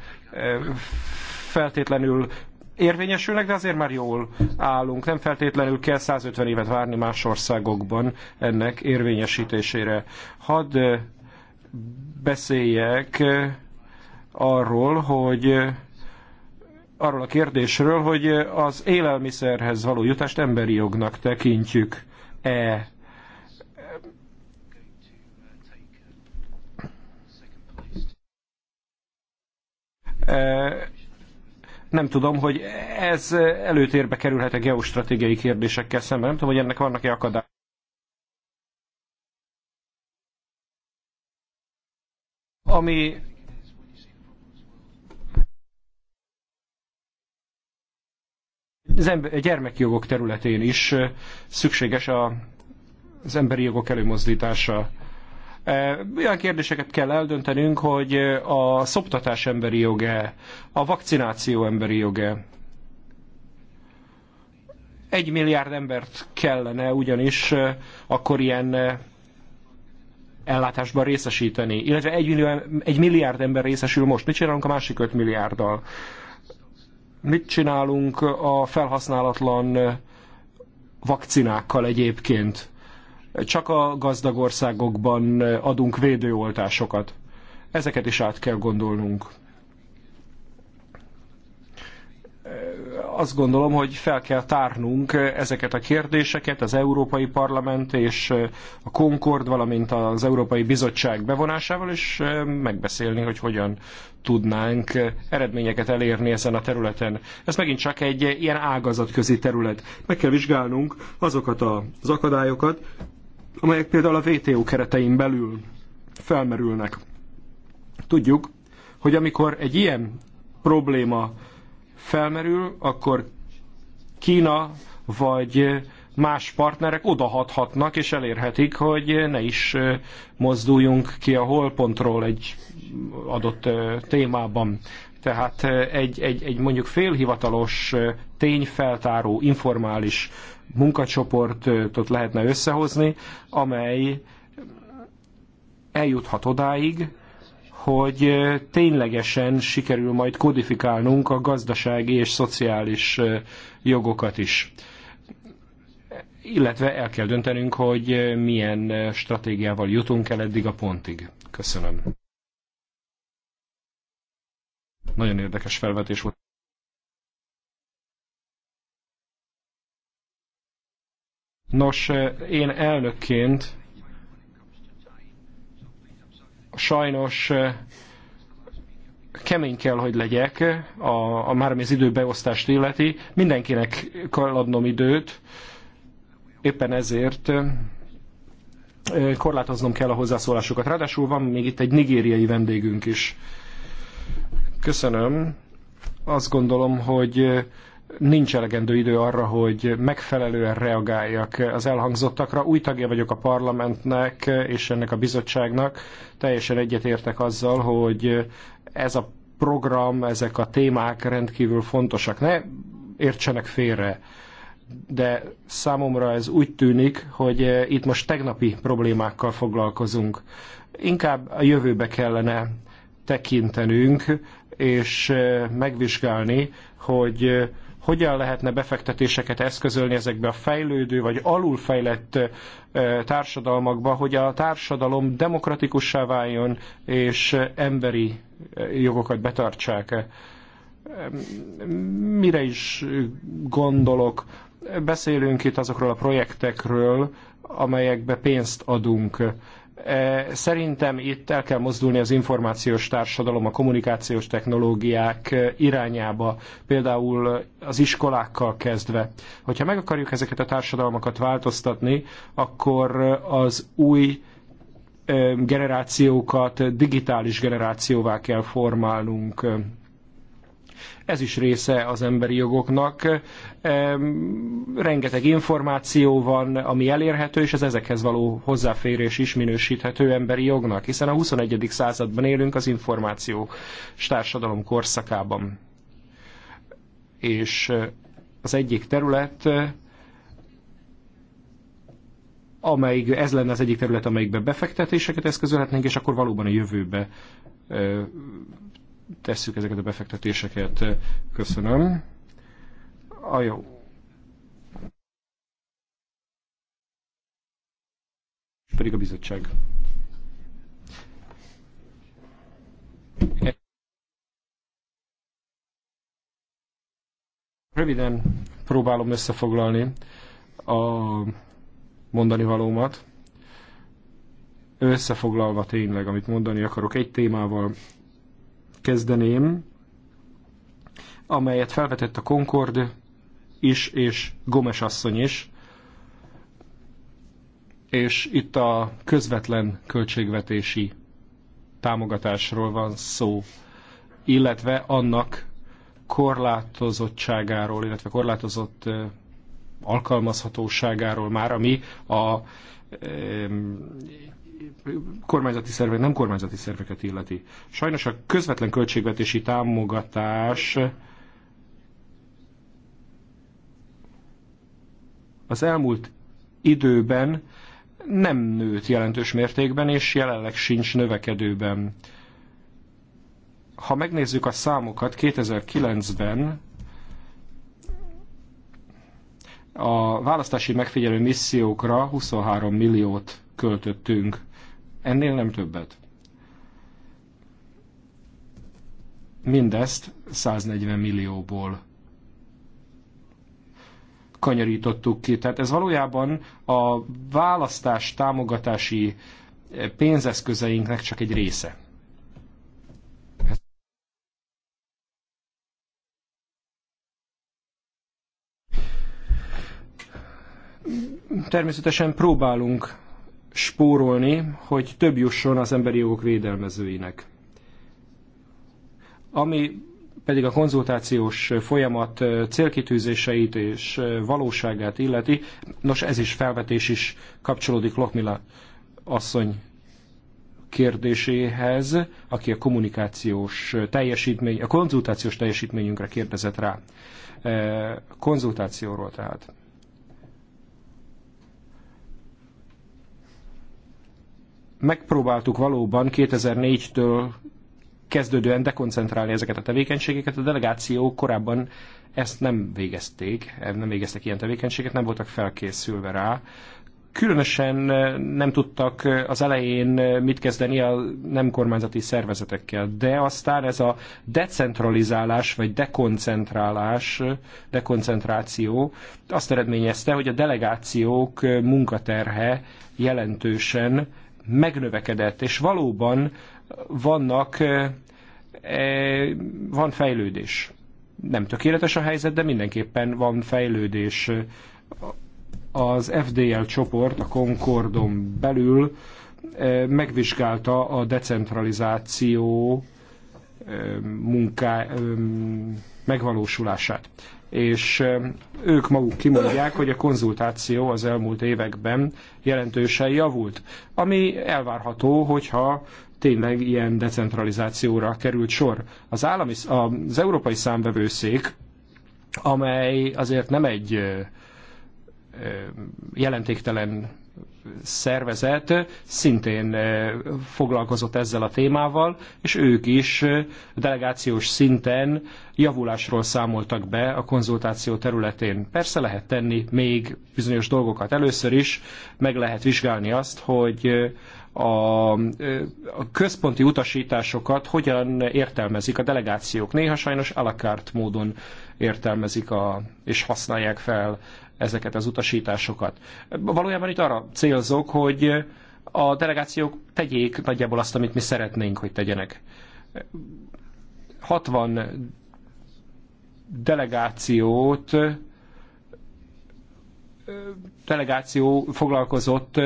feltétlenül érvényesülnek, de azért már jól állunk. Nem feltétlenül kell 150 évet várni más országokban ennek érvényesítésére. Hadd beszéljek arról, hogy arról a kérdésről, hogy az élelmiszerhez való jutást emberi jognak tekintjük-e. E, nem tudom, hogy ez előtérbe kerülhet a geostratégiai kérdésekkel szemben. Nem tudom, hogy ennek vannak-e akadályok. Ami az ember, jogok területén is szükséges a, az emberi jogok előmozdítása. Olyan kérdéseket kell eldöntenünk, hogy a szoptatás emberi joge, a vakcináció emberi joge. Egy milliárd embert kellene ugyanis akkor ilyen ellátásban részesíteni, illetve egy, millió, egy milliárd ember részesül most. Mit csinálunk a másik öt milliárddal? Mit csinálunk a felhasználatlan vakcinákkal egyébként? Csak a gazdag országokban adunk védőoltásokat. Ezeket is át kell gondolnunk. azt gondolom, hogy fel kell tárnunk ezeket a kérdéseket, az Európai Parlament és a Concord, valamint az Európai Bizottság bevonásával, és megbeszélni, hogy hogyan tudnánk eredményeket elérni ezen a területen. Ez megint csak egy ilyen ágazatközi terület. Meg kell vizsgálnunk azokat az akadályokat, amelyek például a WTO keretein belül felmerülnek. Tudjuk, hogy amikor egy ilyen probléma felmerül, akkor Kína vagy más partnerek odahathatnak és elérhetik, hogy ne is mozduljunk ki a holpontról egy adott témában. Tehát egy, egy, egy mondjuk félhivatalos tényfeltáró informális munkacsoportot lehetne összehozni, amely eljuthat odáig, hogy ténylegesen sikerül majd kodifikálnunk a gazdasági és szociális jogokat is. Illetve el kell döntenünk, hogy milyen stratégiával jutunk el eddig a pontig. Köszönöm. Nagyon érdekes felvetés volt. Nos, én elnökként sajnos kemény kell, hogy legyek, a, a már az időbeosztást illeti, mindenkinek kell adnom időt, éppen ezért korlátoznom kell a hozzászólásokat. Ráadásul van még itt egy nigériai vendégünk is. Köszönöm. Azt gondolom, hogy nincs elegendő idő arra, hogy megfelelően reagáljak az elhangzottakra. Új tagja vagyok a parlamentnek és ennek a bizottságnak. Teljesen egyetértek azzal, hogy ez a program, ezek a témák rendkívül fontosak. Ne értsenek félre, de számomra ez úgy tűnik, hogy itt most tegnapi problémákkal foglalkozunk. Inkább a jövőbe kellene tekintenünk, és megvizsgálni, hogy hogyan lehetne befektetéseket eszközölni ezekbe a fejlődő vagy alulfejlett társadalmakba, hogy a társadalom demokratikussá váljon és emberi jogokat betartsák. Mire is gondolok? Beszélünk itt azokról a projektekről, amelyekbe pénzt adunk. Eh, szerintem itt el kell mozdulni az információs társadalom, a kommunikációs technológiák eh, irányába, például eh, az iskolákkal kezdve. Hogyha meg akarjuk ezeket a társadalmakat változtatni, akkor az új generációkat digitális generációvá kell formálnunk ez is része az emberi jogoknak. Rengeteg információ van, ami elérhető, és az ezekhez való hozzáférés is minősíthető emberi jognak, hiszen a 21. században élünk az információ társadalom korszakában. És az egyik terület, amelyik, ez lenne az egyik terület, amelyikbe befektetéseket eszközölhetnénk, és akkor valóban a jövőbe tesszük ezeket a befektetéseket. Köszönöm. A jó. pedig a bizottság. Röviden próbálom összefoglalni a mondani valómat. Összefoglalva tényleg, amit mondani akarok egy témával, kezdeném, amelyet felvetett a Concord is, és Gomes asszony is, és itt a közvetlen költségvetési támogatásról van szó, illetve annak korlátozottságáról, illetve korlátozott alkalmazhatóságáról már, ami a kormányzati szervek, nem kormányzati szerveket illeti. Sajnos a közvetlen költségvetési támogatás az elmúlt időben nem nőtt jelentős mértékben, és jelenleg sincs növekedőben. Ha megnézzük a számokat, 2009-ben a választási megfigyelő missziókra 23 milliót költöttünk ennél nem többet. Mindezt 140 millióból kanyarítottuk ki. Tehát ez valójában a választás támogatási eh, pénzeszközeinknek csak egy része. Természetesen próbálunk spórolni, hogy több jusson az emberi jogok védelmezőinek. Ami pedig a konzultációs folyamat célkitűzéseit és valóságát illeti, nos ez is felvetés is kapcsolódik Lokmila asszony kérdéséhez, aki a kommunikációs teljesítmény, a konzultációs teljesítményünkre kérdezett rá. Konzultációról tehát. megpróbáltuk valóban 2004-től kezdődően dekoncentrálni ezeket a tevékenységeket. A delegáció korábban ezt nem végezték, nem végeztek ilyen tevékenységet, nem voltak felkészülve rá. Különösen nem tudtak az elején mit kezdeni a nem kormányzati szervezetekkel, de aztán ez a decentralizálás vagy dekoncentrálás, dekoncentráció azt eredményezte, hogy a delegációk munkaterhe jelentősen megnövekedett, és valóban vannak, van fejlődés. Nem tökéletes a helyzet, de mindenképpen van fejlődés. Az FDL csoport a Concordon belül megvizsgálta a decentralizáció munká megvalósulását és ők maguk kimondják, hogy a konzultáció az elmúlt években jelentősen javult, ami elvárható, hogyha tényleg ilyen decentralizációra került sor. Az, állami, az Európai Számvevőszék, amely azért nem egy jelentéktelen szervezet szintén eh, foglalkozott ezzel a témával, és ők is eh, delegációs szinten javulásról számoltak be a konzultáció területén. Persze lehet tenni még bizonyos dolgokat. Először is meg lehet vizsgálni azt, hogy eh, a, a központi utasításokat hogyan értelmezik a delegációk. Néha sajnos alakart módon értelmezik a, és használják fel ezeket az utasításokat. Valójában itt arra célzok, hogy a delegációk tegyék nagyjából azt, amit mi szeretnénk, hogy tegyenek. 60 delegációt delegáció foglalkozott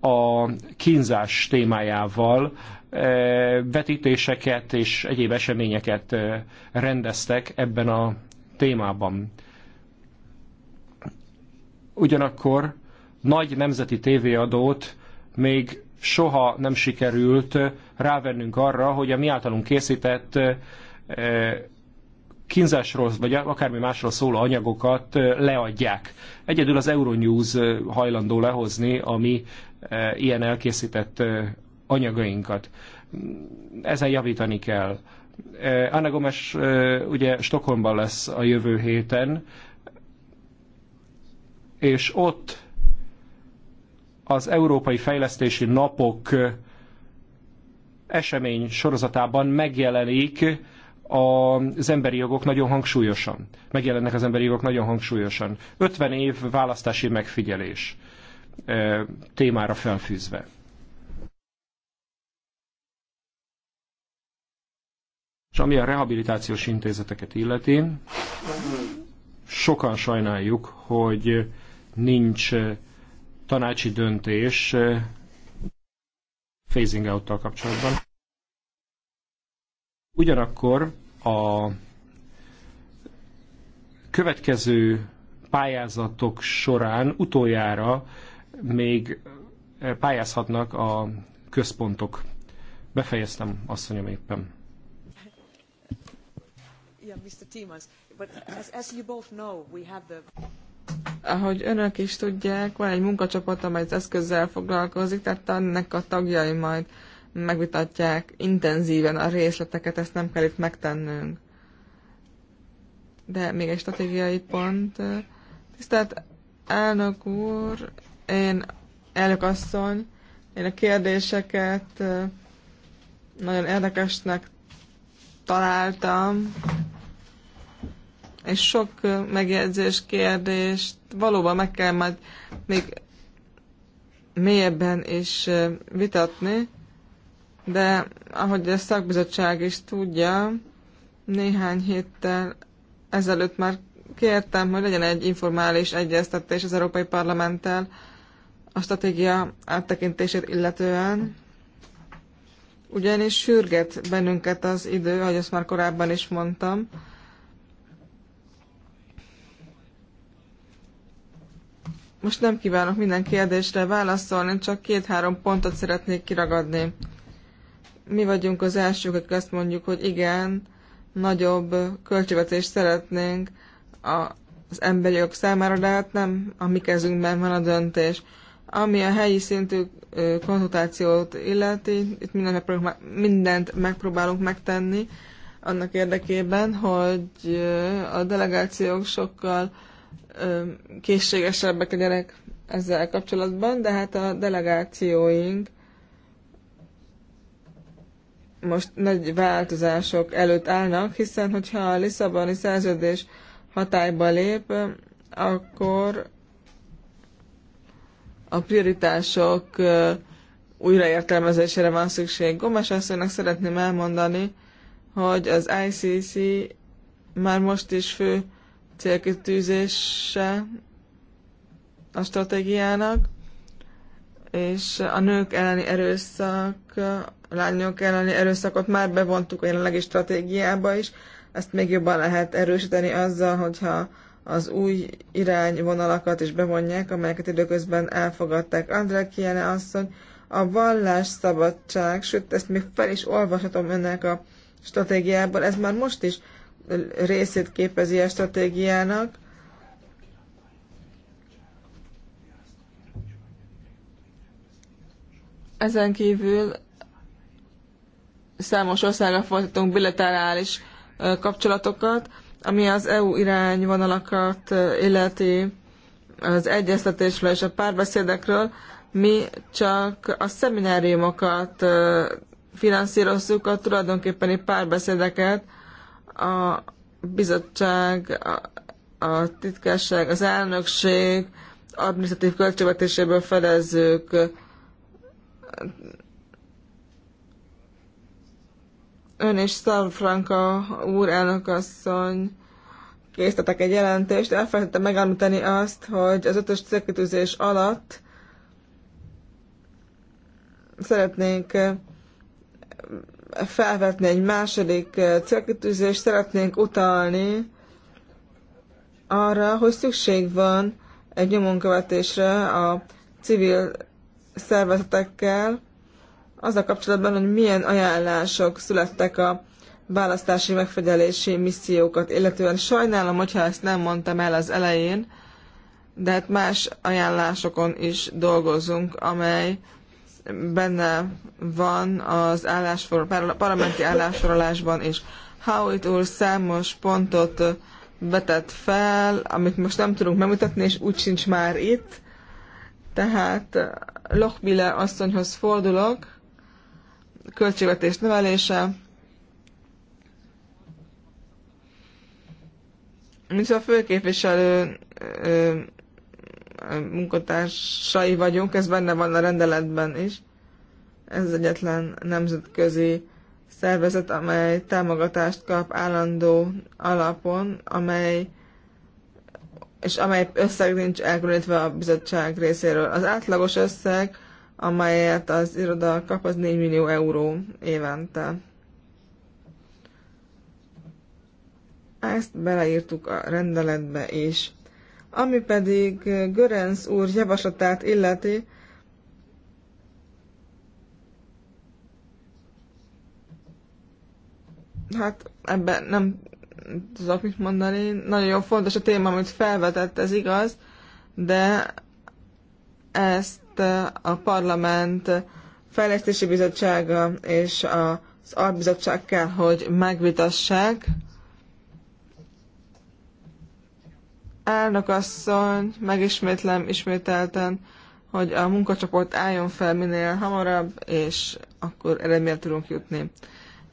a kínzás témájával, vetítéseket és egyéb eseményeket rendeztek ebben a témában. Ugyanakkor nagy nemzeti tévéadót még soha nem sikerült eh, rávennünk arra, hogy a mi általunk készített eh, kínzásról, vagy akármi másról szóló anyagokat eh, leadják. Egyedül az Euronews hajlandó lehozni a mi ilyen elkészített anyagainkat. Ezen javítani kell. Anna Gomes ugye Stockholmban lesz a jövő héten, és ott az Európai Fejlesztési Napok esemény sorozatában megjelenik az emberi jogok nagyon hangsúlyosan. Megjelennek az emberi jogok nagyon hangsúlyosan. 50 év választási megfigyelés témára felfűzve. És ami a rehabilitációs intézeteket illeti, sokan sajnáljuk, hogy nincs tanácsi döntés phasing out kapcsolatban. Ugyanakkor a következő pályázatok során utoljára még pályázhatnak a központok. Befejeztem, asszonyom éppen. Yeah, Mr. Timas, but as, as you both know, we have the ahogy önök is tudják, van egy munkacsoport, amely az eszközzel foglalkozik, tehát ennek a tagjai majd megvitatják intenzíven a részleteket, ezt nem kell itt megtennünk. De még egy stratégiai pont. Tisztelt elnök úr, én elnök asszony, én a kérdéseket eh, nagyon érdekesnek találtam, és sok megjegyzés, kérdést valóban meg kell majd még mélyebben is vitatni, de ahogy a szakbizottság is tudja, néhány héttel ezelőtt már kértem, hogy legyen egy informális egyeztetés az Európai Parlamenttel a stratégia áttekintését illetően, ugyanis sürget bennünket az idő, ahogy azt már korábban is mondtam, Most nem kívánok minden kérdésre válaszolni, csak két-három pontot szeretnék kiragadni. Mi vagyunk az elsők, akik azt mondjuk, hogy igen, nagyobb költségvetést szeretnénk az emberi jogok számára, de hát nem a mi kezünkben van a döntés. Ami a helyi szintű konzultációt illeti, itt mindent megpróbálunk, mindent megpróbálunk megtenni annak érdekében, hogy a delegációk sokkal készségesebbek a gyerek ezzel kapcsolatban, de hát a delegációink most nagy változások előtt állnak, hiszen hogyha a Lisszaboni szerződés hatályba lép, akkor a prioritások újraértelmezésére van szükség. Gomes asszonynak szeretném elmondani, hogy az ICC már most is fő célkitűzése a stratégiának, és a nők elleni erőszak, a lányok elleni erőszakot már bevontuk a jelenlegi stratégiába is, ezt még jobban lehet erősíteni azzal, hogyha az új irányvonalakat is bevonják, amelyeket időközben elfogadták. André Kiene asszony, a vallás szabadság, sőt, ezt még fel is olvashatom önnek a stratégiából, ez már most is részét képezi a stratégiának. Ezen kívül számos országra folytatunk bilaterális kapcsolatokat, ami az EU irányvonalakat illeti az egyeztetésről és a párbeszédekről. Mi csak a szemináriumokat finanszírozzuk, a tulajdonképpeni párbeszédeket, a bizottság, a, a titkárság, az elnökség administratív költségvetéséből fedezzük ön és Franka úr elnökasszony készítettek egy jelentést, elfelejtettem megállítani azt, hogy az ötös célkitűzés alatt szeretnénk felvetni egy második eh, célkitűzést, szeretnénk utalni arra, hogy szükség van egy nyomonkövetésre a civil szervezetekkel, azzal kapcsolatban, hogy milyen ajánlások születtek a választási megfigyelési missziókat, illetően sajnálom, hogyha ezt nem mondtam el az elején, de hát más ajánlásokon is dolgozunk, amely benne van az állásfor, parlamenti állásforolásban is. Howitt úr számos pontot vetett fel, amit most nem tudunk bemutatni, és úgy sincs már itt. Tehát Lochbiller asszonyhoz fordulok, költségvetés növelése. Mint a főképviselő munkatársai vagyunk, ez benne van a rendeletben is. Ez az egyetlen nemzetközi szervezet, amely támogatást kap állandó alapon, amely és amely összeg nincs elkülönítve a bizottság részéről. Az átlagos összeg, amelyet az iroda kap, az 4 millió euró évente. Ezt beleírtuk a rendeletbe is. Ami pedig eh, Görenc úr javaslatát illeti, hát ebben nem tudok mit mondani. Nagyon fontos a téma, amit felvetett, ez igaz, de ezt eh, a parlament fejlesztési bizottsága és az albizottság kell, hogy megvitassák. Elnök asszony, megismétlem ismételten, hogy a munkacsoport álljon fel minél hamarabb, és akkor eredményre tudunk jutni.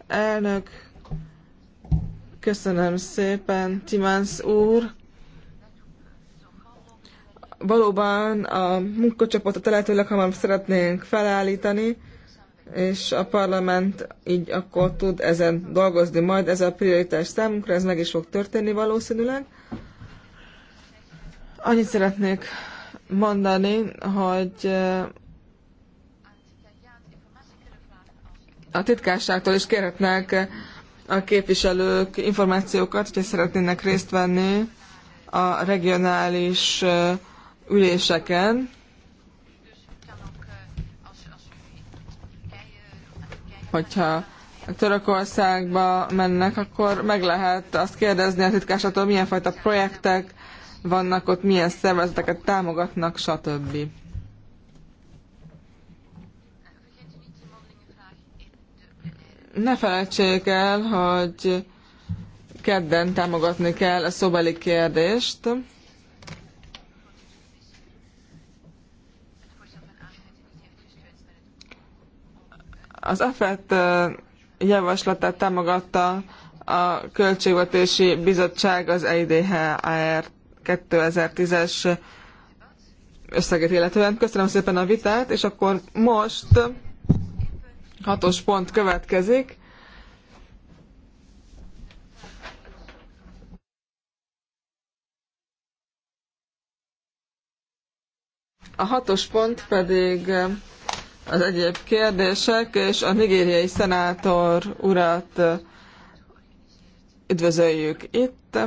Elnök, köszönöm szépen, Timánsz úr. Valóban a munkacsoportot a lehető leghamarabb szeretnénk felállítani, és a parlament így akkor tud ezen dolgozni majd. Ez a prioritás számunkra, ez meg is fog történni valószínűleg. Annyit szeretnék mondani, hogy a titkárságtól is kérhetnek a képviselők információkat, hogyha szeretnének részt venni a regionális üléseken. Hogyha Törökországba mennek, akkor meg lehet azt kérdezni a titkárságtól, milyen fajta projektek vannak ott, milyen szervezeteket támogatnak, stb. Ne felejtsék el, hogy kedden támogatni kell a szobeli kérdést. Az AFET javaslatát támogatta a Költségvetési Bizottság az EIDHR 2010-es összeget illetően. Köszönöm szépen a vitát, és akkor most hatos pont következik. A hatos pont pedig az egyéb kérdések, és a nigériai szenátor urat üdvözöljük itt.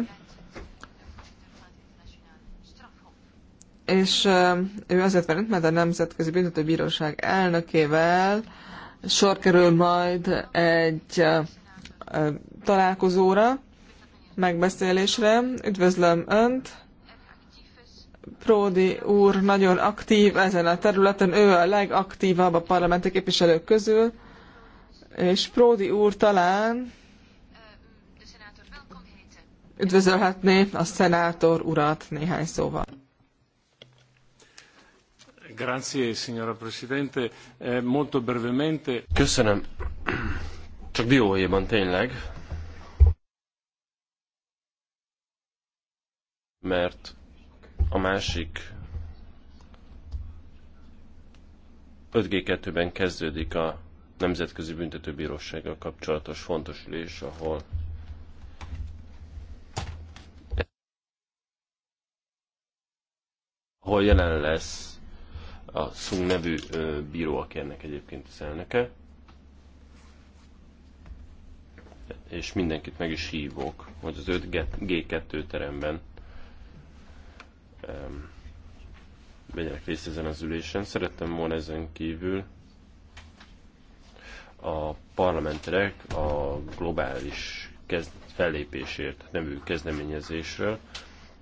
és ő azért van itt, mert a Nemzetközi Büntetőbíróság elnökével sor kerül majd egy találkozóra, megbeszélésre. Üdvözlöm Önt! Pródi úr nagyon aktív ezen a területen, ő a legaktívabb a parlamenti képviselők közül, és Pródi úr talán üdvözölhetné a szenátor urat néhány szóval. Eh, Köszönöm. Csak dióhéjban tényleg. Mert a másik 5G2-ben kezdődik a Nemzetközi Büntetőbírósággal kapcsolatos fontos ülés, ahol ahol jelen lesz a Szung nevű bíró, aki ennek egyébként az elnöke. És mindenkit meg is hívok, hogy az 5G2 teremben um, vegyenek részt ezen az ülésen. Szerettem volna ezen kívül a parlamenterek a globális kezd, fellépésért nevű kezdeményezésről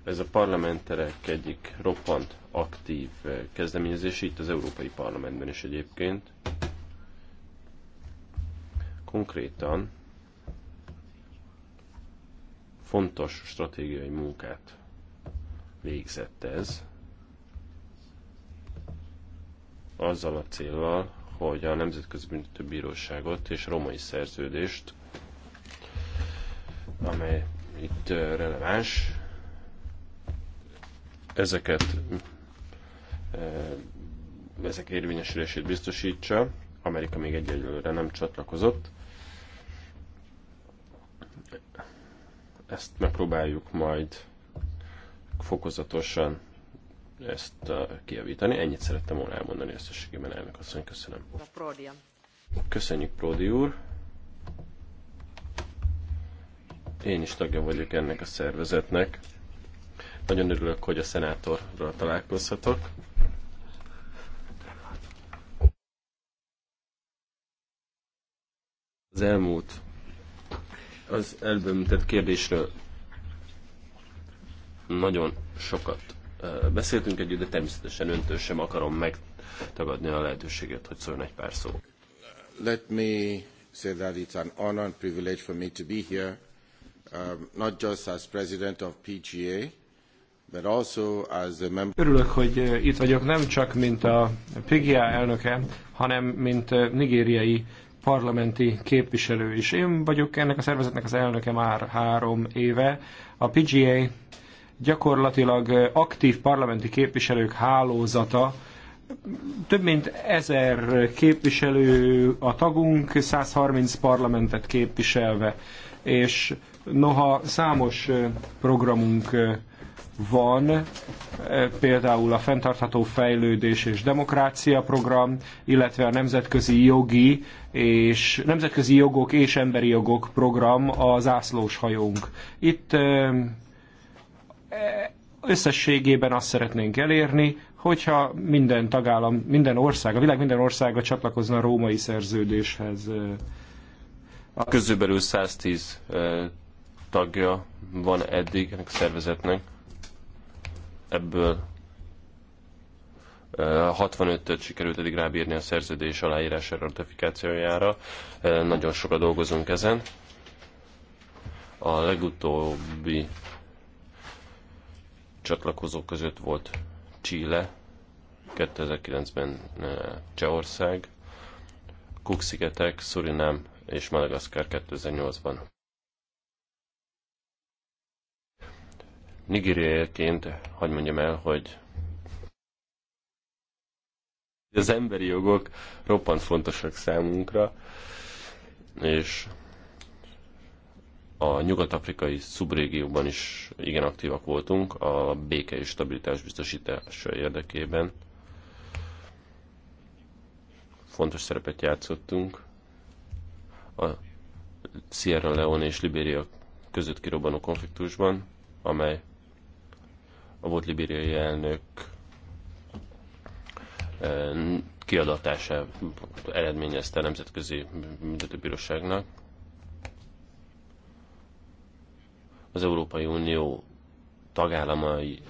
ez a parlamenterek egyik roppant aktív eh, kezdeményezés, itt az Európai Parlamentben is egyébként. Konkrétan fontos stratégiai munkát végzett ez, azzal a célval, hogy a Nemzetközi Büntetőbíróságot és a romai szerződést, amely itt eh, releváns, ezeket ezek érvényesülését biztosítsa. Amerika még egyelőre nem csatlakozott. Ezt megpróbáljuk majd fokozatosan ezt kijavítani. Ennyit szerettem volna elmondani összességében, elnök asszony, köszönöm. Köszönjük, Pródi úr. Én is tagja vagyok ennek a szervezetnek. Nagyon örülök, hogy a szenátorról találkozhatok. Az elmúlt az elbömített kérdésről nagyon sokat beszéltünk együtt, de természetesen öntől sem akarom megtagadni a lehetőséget, hogy szóljon egy pár szó. Let me say that it's an honor and privilege for me to be here, um, not just as president of PGA, Örülök, hogy eh, itt vagyok nem csak mint a PIGIA elnöke, hanem mint eh, nigériai parlamenti képviselő is. Én vagyok ennek a szervezetnek az elnöke már három éve. A PGA gyakorlatilag eh, aktív parlamenti képviselők hálózata, több mint ezer képviselő a tagunk, 130 parlamentet képviselve, és noha számos programunk van, eh, például a fenntartható fejlődés és demokrácia program, illetve a nemzetközi jogi és nemzetközi jogok és emberi jogok program a zászlós hajónk. Itt eh, eh, összességében azt szeretnénk elérni, hogyha minden tagállam, minden ország, a világ minden országa csatlakozna a római szerződéshez. A közülbelül 110 tagja van eddig ennek szervezetnek ebből 65-öt eh, sikerült eddig rábírni a szerződés aláírására, ratifikációjára. Eh, nagyon sokat dolgozunk ezen. A legutóbbi csatlakozók között volt Chile, 2009-ben eh, Csehország, cook Surinam és Madagaszkár 2008-ban. nigériaiaként, hogy mondjam el, hogy az emberi jogok roppant fontosak számunkra, és a nyugat-afrikai szubrégióban is igen aktívak voltunk a béke és stabilitás biztosítása érdekében. Fontos szerepet játszottunk. A Sierra Leone és Libéria között kirobbanó konfliktusban, amely a volt libériai elnök eh, kiadatása eredményezte a Nemzetközi Büntetőbíróságnak. Az Európai Unió tagállamai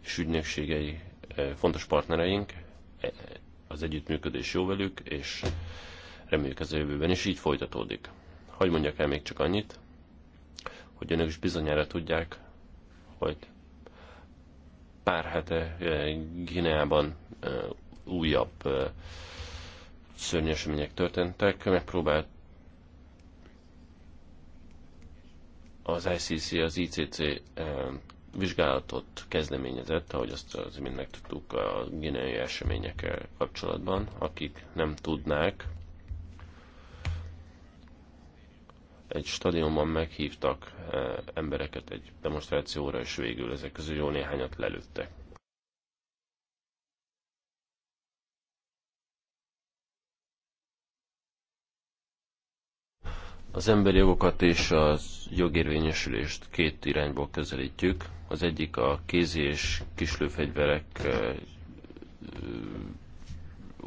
és ügynökségei eh, fontos partnereink, eh, az együttműködés jó velük, és reméljük ez a jövőben is így folytatódik. Hogy mondjak el még csak annyit, hogy önök is bizonyára tudják, hogy pár hete Gineában újabb szörnyesemények történtek. Megpróbált az ICC, az ICC vizsgálatot kezdeményezett, ahogy azt az mind megtudtuk a gineai események kapcsolatban. Akik nem tudnák, egy stadionban meghívtak eh, embereket egy demonstrációra, és végül ezek közül jó néhányat lelőttek. Az emberi jogokat és a jogérvényesülést két irányból közelítjük. Az egyik a kézi és kislőfegyverek eh,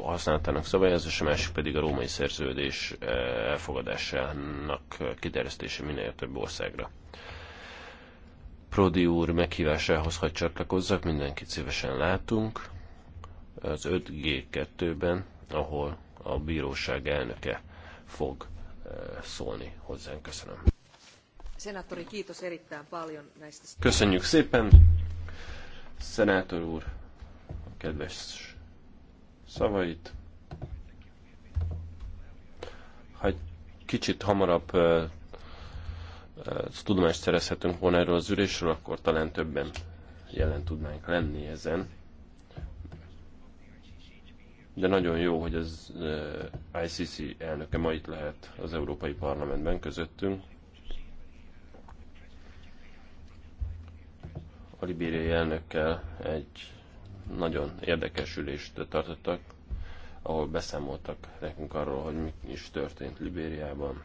használatának szabályozása, a másik pedig a római szerződés eh, elfogadásának kiterjesztése minél több országra. Prodi úr meghívásához hogy csatlakozzak, mindenkit szívesen látunk az 5G2-ben, ahol a bíróság elnöke fog eh, szólni hozzánk. Köszönöm. Szenátori, kiitos erittäin paljon näistä... Köszönjük szépen, szenátor úr, kedves szavait. Ha egy kicsit hamarabb uh, uh, tudomást szerezhetünk volna erről az ülésről, akkor talán többen jelen tudnánk lenni ezen. De nagyon jó, hogy az uh, ICC elnöke ma itt lehet az Európai Parlamentben közöttünk. A libériai elnökkel egy nagyon érdekes ülést tartottak, ahol beszámoltak nekünk arról, hogy mi is történt Libériában.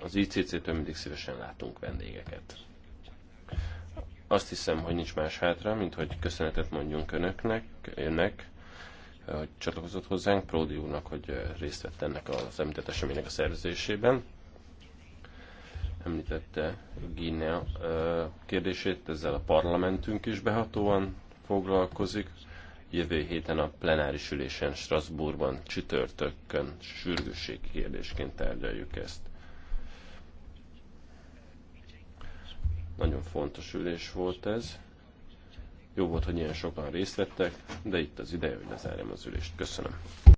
Az ICC-től mindig szívesen látunk vendégeket. Azt hiszem, hogy nincs más hátra, mint hogy köszönetet mondjunk önöknek, önnek, hogy csatlakozott hozzánk, Pródi úrnak, hogy részt vett ennek az említett eseménynek a szerzésében említette Guinea kérdését, ezzel a parlamentünk is behatóan foglalkozik. Jövő héten a plenáris ülésen Strasbourgban csütörtökön sürgősség kérdésként tárgyaljuk ezt. Nagyon fontos ülés volt ez. Jó volt, hogy ilyen sokan részt vettek, de itt az ideje, hogy lezárjam az ülést. Köszönöm.